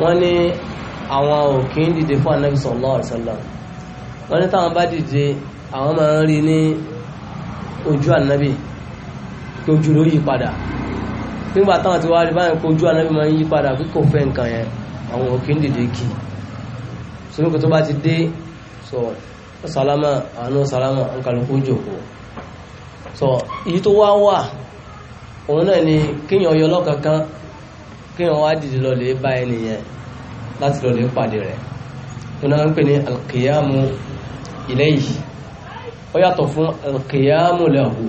wọ́n ní àwọn òkè ń fún Ànábì sallallahu alaihi wasallam wọ́n ní táwọn bá dìde àwọn máa ń rí ní ojú Ànábì kí ojú ló yí padà nígbà táwọn ti wá rí báyìí kó ojú Ànábì máa ń yí padà kí kò fẹ́ nǹkan yẹn àwọn òkè ń dìde kì sókè tó bá ti dé sọ sálámà àánú sálámà ń kálukú jòkó sọ èyí tó wá wà òun náà ni kíyàn ọyọ lọ́kankan kíyàn wá dìde lọlẹ̀ bá ẹnìyẹn láti lọlẹ̀ pàdé rẹ̀ tó náà ń pè ní alkiyamu ilayhi ó yàtọ̀ fún alkiyamu lahu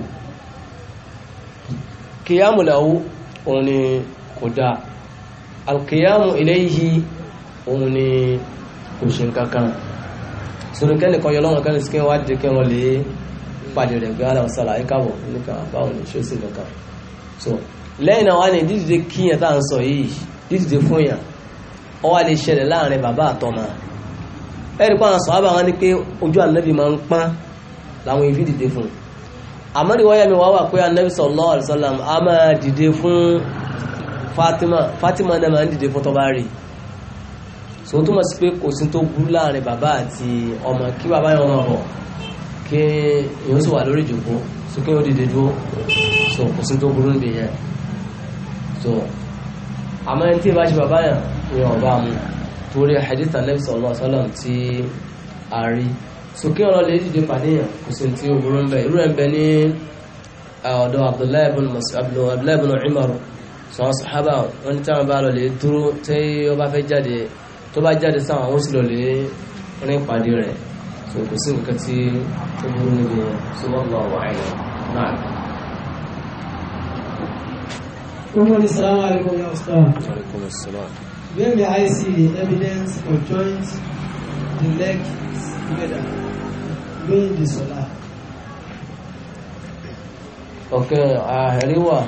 kiyamu lahu òun ni kò dáa alkiyamu iléyìí òun ni kò ṣe kankan sorokẹ́ni kan yọlọ́wọ́n kan sí kí wọ́n á di kí wọ́n lè pàdé rẹ̀ gbé ara ọ̀sára ayíkàwọ̀ nìkan báwọn ní ṣe sí kankan so lẹ́yìn àwọn ni dídìde kíyàn tá à ń sọ yìí dídìde fún yàn ọ wá lè ṣẹlẹ̀ láàrin bàbá àtọmọ ẹ̀rí pa àwọn sọ̀hábà wọn ni pé ojú ànábì máa ń pọ́n làwọn ìfi dìde fún àmọ́ ìwọ́yà mi wá wà pé ànábì sallallahu alaihi wasallam a máa dìde fún Fatima Fatima náà máa ń dìde fún tọ́ba rí so tó mọ̀ sí pé kò sí tó burú láàrin bàbá àti ọmọ kí bàbá yẹn ọmọ bọ̀ kí èèyàn sì wà lórí ìjòkó so kí wọ́n dìde dúró so kò sí tó burú níbi yẹn so àmọ́ ẹni tí ì bá ṣe bàbá yẹn ìyẹn ọba mu torí hadith Ànábì sallallahu alaihi wasallam tí a rí so kí ọ̀rọ̀ lè dìde pàdéyàn kò sí tí ó burú ń irú ẹ̀ ń bẹ ní eh, ọ̀dọ̀ Abdullahi ibn Mas'ud Abdullahi ibn Umar sọ̀rọ̀ sàhábà wọn ní táwọn bá lọlẹ̀ dúró tí ó bá fẹ́ jáde tó bá jáde sáwọn àwọn sì lọlẹ̀ ní ìpàdé rẹ̀ so kò sí nǹkan tí ó burú níbi tí wọ́n lọ wà ẹ̀yìn náà. Kumu ni salamu alaikum ya ustaz. Alaikum assalam. When may I see evidence of joint the legs together during the solar? Okay, àhẹ́rí uh, wà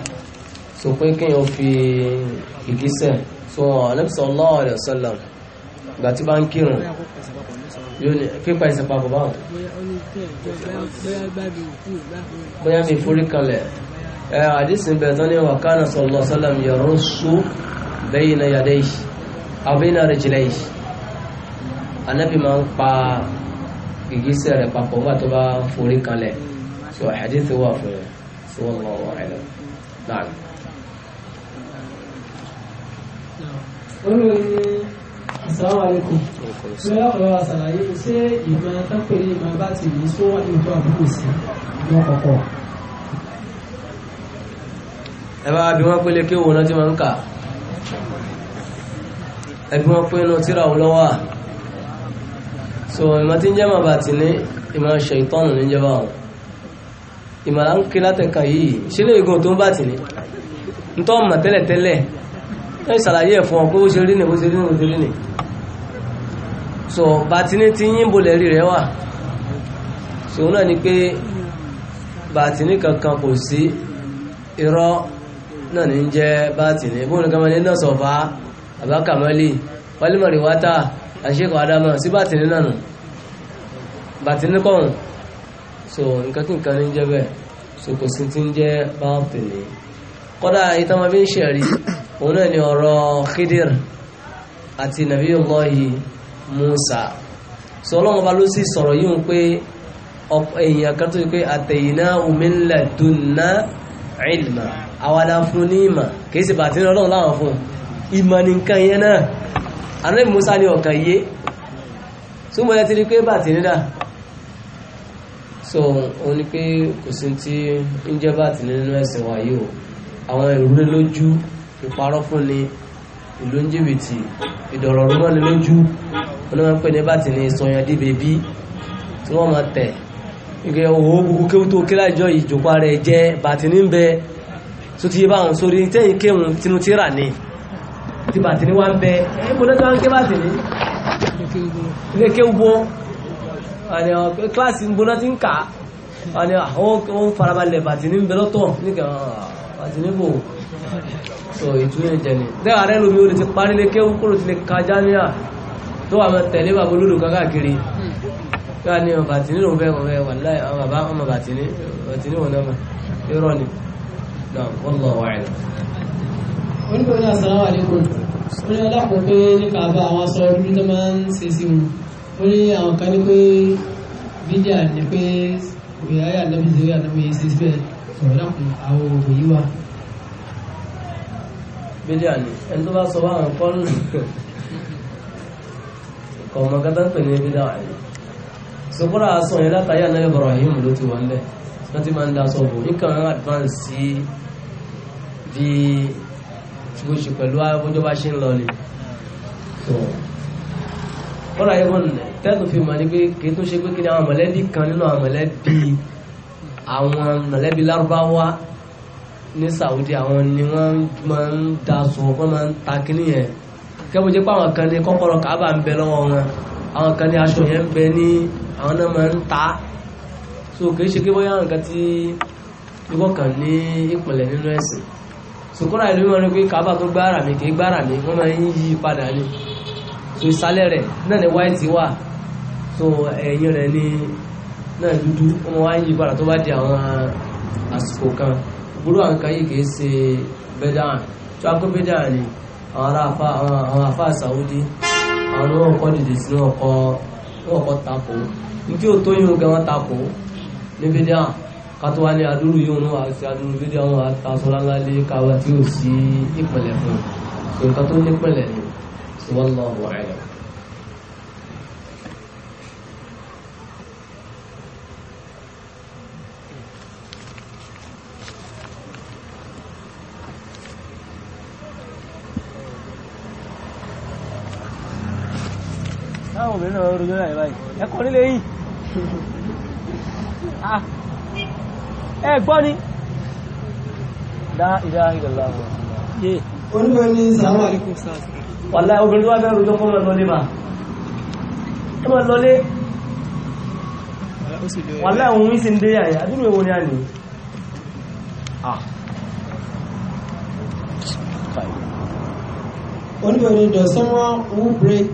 so pé kí yóò fi ìgísẹ̀ so Ànábì sallallahu alaihi wasallam ìgbà tí bá ń kírun yóò ní pípa ẹsẹ̀ papọ̀ báwọn. bóyá mi forí kalẹ̀ ẹ àdísìn bẹ̀rẹ̀ tán ní wa kana sallallahu alaihi wasallam yarussu bayna yadayhi aw bayna rijlayhi Ànábì máa pa ìgísẹ̀ rẹ̀ papọ̀ nígbà tó bá forí kalẹ̀ so àdísìn wà fún olórí ní asalaamu alaykum ṣé ọ̀rọ̀ àṣàlàyé ṣé ìmọ̀ tápẹ́ ìmọ̀ bá ti yìí sọ wà nípa àbúkù sí lọ́kọ̀ọ̀kọ̀. ẹ bá bí wọ́n pélé kéwòn náà tí wọ́n ń kà ẹ bí wọ́n pé inú tíra òun lọ́wọ́ à so ìmọ̀ tí ń jẹ́ màbà tì ní ìmọ̀ ṣe ìtọ́nù níjọba ọ̀hún ìmọ̀ là ń ké látẹ̀ka yìí ṣé lè gun tó ń bà tì ní ń tọ́ mọ̀ tẹ́lẹ̀tẹ́lẹ̀ ẹ ṣàlàyé ẹ̀ fún ọ pé ó ṣe rí ni ṣe rí ni ṣe rí ni so bàtíní tí yín bolẹ̀ rí rẹ̀ wà so náà ni pé bàtíní kankan kò sí irọ́ náà ní jẹ́ bàtíní bóun ní kamani náà sọ̀fà àbákàmọ́lì pálímọ̀rì wátà àṣekọ̀ adama sí bàtíní náà nù bàtíní kọ̀hún so nǹkan kí nǹkan ní jẹ́ bẹ́ẹ̀ so kò sí ti ń jẹ́ bàtíní kọ́dà ìtàn máa fi ń ṣẹ̀rí òun náà ni ọ̀rọ̀ Khidir àti Nabiyullahi Musa sọ ọlọ́run ọba ló sì sọ̀rọ̀ yìí wọn pé èèyàn kan tó yẹ pé ataynahu min ladunna ilma àwa la fún ní ìmọ̀ kìí sì bàtí ọlọ́run láwọn fún ìmọ̀ nìkan yẹn náà àrẹ Musa ni ọ̀kan yé súnmọ́lẹ́ ti rí pé bàtí nídà so o ní pé kò sí ti ń jẹ́ bàtí nínú ẹ̀sìn wáyé o àwọn ìrúlé lójú ìparọ́ fún ni ìlú ń jìbìtì ìdọ̀rọ̀ ọ̀rọ̀ mọ́ni lójú olóńgbò pé ní bàtì ní sọyàn dí bèbí tí wọ́n máa tẹ̀ ìgbẹ́ owó gbogbo kéwú tó kí láìjọ ìjòkó rẹ̀ jẹ́ bàtì ní bẹ tó ti yé báwọn sórí tẹ́yìn kéwùn tinú ti rà ní ti bàtì ní wá ń bẹ ẹ̀ mo lọ́jọ́ ń ké bàtì ní ilé kéwú bó kíláàsì gbóná ti ń kà ó farabalẹ̀ bàtì ní bẹ lọ́tọ̀ bàtì ní bò so ìtúnyẹ̀ jẹ ni dẹ́wà rẹ lómi ó lè ti parí lé kéwú kúrò ti lè ka jámíà tó wà mọ tẹ̀lé bàbá olódò káàkiri pé a ní ọmọ bàtìní lòun fẹ́ kọ̀ọ̀fẹ́ wà láì àwọn bàbá ọmọ bàtìní bàtìní wọn náà irọ́ ni náà wọ́n lọ wà ẹ̀. oníkó ní asàlámù àlékún ó ní alákòó pé nípa bá àwọn aṣọ orí tó máa ń ṣe sí wọn ó ní àwọn kan ní pé bídíà ní pé òyà ayé ànábìsí ànábìsí bẹ́ẹ̀ sọ̀rọ̀ lákùn àwọn bídíà ni ẹni tó bá sọ wá àwọn kọ́nù kọ̀ ọmọ kátà ń pè ní bídíà ni sọkúrà aṣọ yẹn látàyà náà Ibrahim ló ti wà ń bẹ̀ wọ́n ti máa ń advance sí bí gbóṣù pẹ̀lú abójọ́ bá ṣe ń lọ ni kọ́ra yẹn wọ́n nẹ̀ tẹ́tù fi mọ̀ ní pé kí tó ṣe pé kí ni àwọn mọ̀lẹ́bí ní Saudi àwọn ni wọ́n máa ń daṣọ wọ́n máa ń ta kíní yẹn kẹ́bù jẹ́ pé àwọn kan ní kọ́kọ́rọ́ kábà ń bẹ lọ́wọ́ wọn àwọn kan ní aṣọ yẹn ń bẹ ní àwọn náà máa ń ta so kìí ṣe pé bóyá nǹkan tí wọ́n kàn ní ìpìlẹ̀ nínú ẹ̀sìn sòkúrò àìlú wọn ni pé kábà tó gbára mi kìí gbára mi wọ́n máa ń yí padà ní so ìsàlẹ̀ rẹ̀ náà ni white wà so ẹ̀yìn rẹ̀ ni náà dúdú wọ́n máa ń yí padà tó bá di àwọn àsìkò kan gbúrú àǹkà yìí kìí ṣe bẹ́dàn tí wọ́n ni àwọn afá Saudi àwọn ọkọ̀ dìde sí ọkọ̀ ọkọ̀ tako ní kí o tó yún gan wọn tako ní bẹ́dàn kátó wá ní adúrú yóò nú àti adúrú bẹ́dàn wọn àtàṣọlá ńlá lé káwá tí ò sí ìpìlẹ̀ fún nǹkan tó ní ìpìlẹ̀ ni wọ́n lọ́wọ́ àìlẹ̀ obìnrin náà rojọ́ náà báyìí ẹ kọ́ nílé yìí ẹ gbọ́ ni dá ìdá ìdàlá wọn. orúkọ ní sàmà wàlá obìnrin tó wá fẹ́ rojọ́ kọ́ máa lọlé máa ẹ máa lọlé wàlá òun ìsìn dé àyà àdúrú èwo ni a nìí Only when does someone who break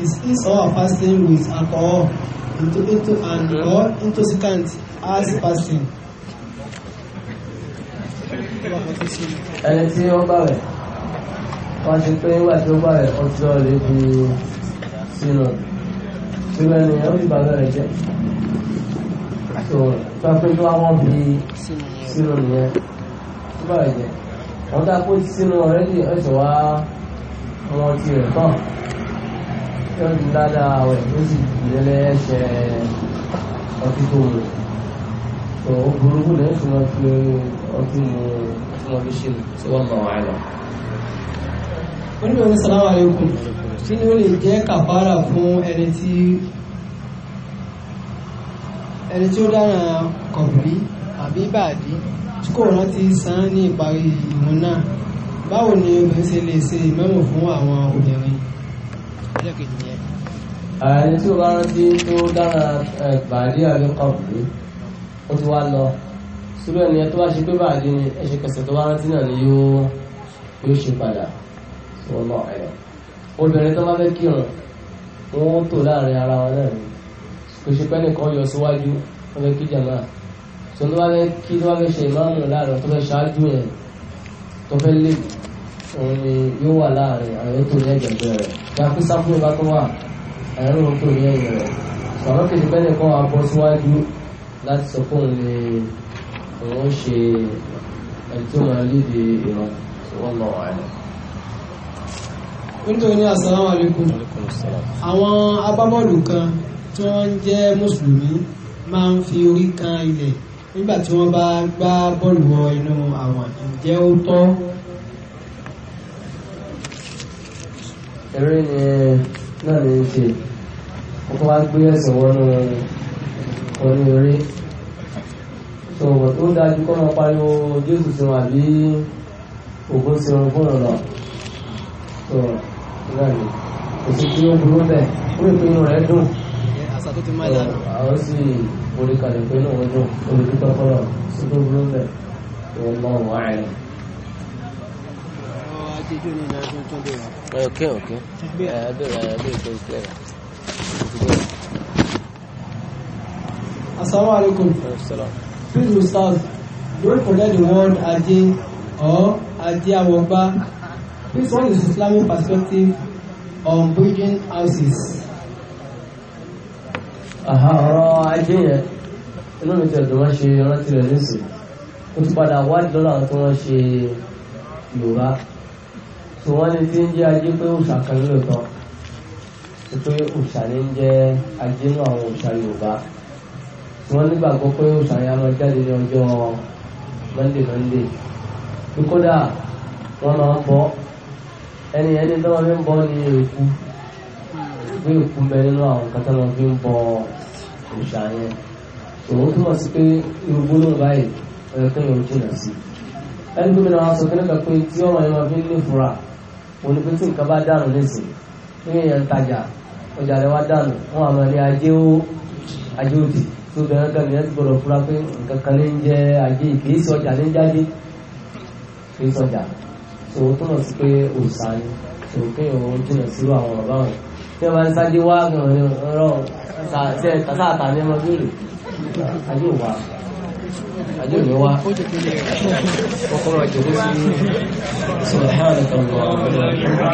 is his or her fasting with alcohol into into and or intoxicant as fasting. ẹni tí ó bá rẹ̀ wọ́n ti pé nígbà tí ó bá rẹ̀ ó ti ọ̀rẹ́ bu sínú síbẹ̀ ni ó ti bàbá rẹ̀ jẹ́ tó tó pé tó àwọn bí sínú nìyẹn tó bá rẹ̀ jẹ́ wọ́n dá pé sínú ọ̀rẹ́dì ẹ̀ṣọ́ wá wọn ti rẹ̀ tán kí wọ́n ti dáadáa àwọn ẹ̀kọ́ sì ìrẹ́lẹ̀ ẹ̀ṣẹ̀ ọtí tó mu tó o burúkú lẹ́yìn tí wọ́n fi ọtí mu tí wọ́n fi ṣe tí wọ́n bá wà lọ. oníbẹ̀rẹ̀ sàlámù alaykum kí ni ó lè jẹ́ kàfàrà fún ẹni tí ẹni tí ó dára kọ̀bìrí àbí bàdí tí kò rántí san ní ìparí ìwọ̀n náà báwo ni obìnrin ṣe lè ṣe ìmọ̀mù fún àwọn obìnrin? ẹni tí o bá rántí tó dára bàálí àbí kọ̀ọ̀pù ó ti wá lọ sùúrù ẹni tó bá ṣe pé bàálí ni ẹṣẹ kẹsẹ̀ tó bá rántí náà ni yóò yóò ṣe padà wọn lọ ẹ̀yọ. obìnrin tó bá fẹ́ kírun wọn tò láàrin ara wọn náà ni kò ṣe pẹ́ nìkan yọ síwájú wọn fẹ́ kí jàmá tó ló bá fẹ́ kí tó bá fẹ́ ṣe ìmáàmù láàrin tó fẹ́ ṣáájú yẹn ni yóò wà láàrin àwọn ètò ẹ̀rọ tó yẹ rẹ̀ sọ̀rọ̀ kejì pẹ́lẹ̀ kọ́ wa bọ́ síwájú láti sọ fún un lè òun ṣe ẹni tó máa léde ìran tí wọ́n lọ wà ní. nítorí assalamu alaikum àwọn abábọ́ọ̀lù kan tí wọ́n ń jẹ́ mùsùlùmí máa ń fi orí kan ilẹ̀ nígbà tí wọ́n bá gbá bọ́ọ̀lù wọ inú àwọn ǹjẹ́ ó tọ́. eré ni náà ní í ṣe ó tó wá gbé ẹ̀sìn wọnú orí orí tó wọ̀ tó dájú kọ́ máa pariwo jésù sí wọn àbí ògùn sí wọn fún ọ̀nà tó náà ni kò sí kí ó burú bẹ́ẹ̀ ó lè pinnu rẹ̀ dùn àwọn sì borí kalẹ̀ pé náà wọ́n dùn olùdókòwò fọlọ́ sí tó burú bẹ́ẹ̀ tó mọ̀ wọ́n Okay, okay. Uh, I do, I Assalamu alaikum. Please, Ustaz, don't forget the word "aji" or "aji Awogba. Please, what is Islamic perspective on building houses? Aha, Ọ̀rọ̀ ajé yẹn, inú mi tẹ̀lé wọ́n ṣe rántí rẹ̀ lóṣù. Ó ti padà wádìí lọ́la tí wọ́n ṣe Yorùbá. Tí wọ́n ní tí ń jẹ́ ajé pé ó ṣàkànlélòtọ́ pé òòṣà ní jẹ́ ajínú àwọn òòṣà yorùbá wọ́n nígbàgbọ́ pé òòṣà yẹn á máa jáde ní ọjọ́ monday monday pé kódà wọ́n máa ń bọ́ ẹni ẹni tó máa fi ń bọ́ ní èkú pé èkú bẹ nínú àwọn kan tó máa fi ń bọ òòṣà yẹn òun túmọ̀ sí pé irú gbólóhùn báyìí ọ̀yọ́ tó yẹ ojú sí ẹni gómìnà wa sọ kíníkà pé tí ọmọ yẹn máa fi ń lè fura òun ni pé tí nǹkan bá dànù nísìnyí ní èèyàn ń tajà ọjà rẹ wá dànù wọn àmọ́ ní ajé ó ajé òdì tó bẹ̀rẹ̀ kan nìyẹn ti gbọ́dọ̀ fura pé nǹkan kan ní jẹ́ ajé kìí sọ ọjà ní jáde kìí sọ ọjà tó túmọ̀ sí pé òòsà ni tó kéèyàn ó jìnà sílùú àwọn bàbá wọn tí wọn bá ń sáájú wá gan ni ọ̀rọ̀ sáàtà ní ọmọ bèrè ajé ò wá ajé ò ní wá kọ́kọ́ rẹ̀ jòkó sí sọ̀rọ̀ hàn nìkan lọ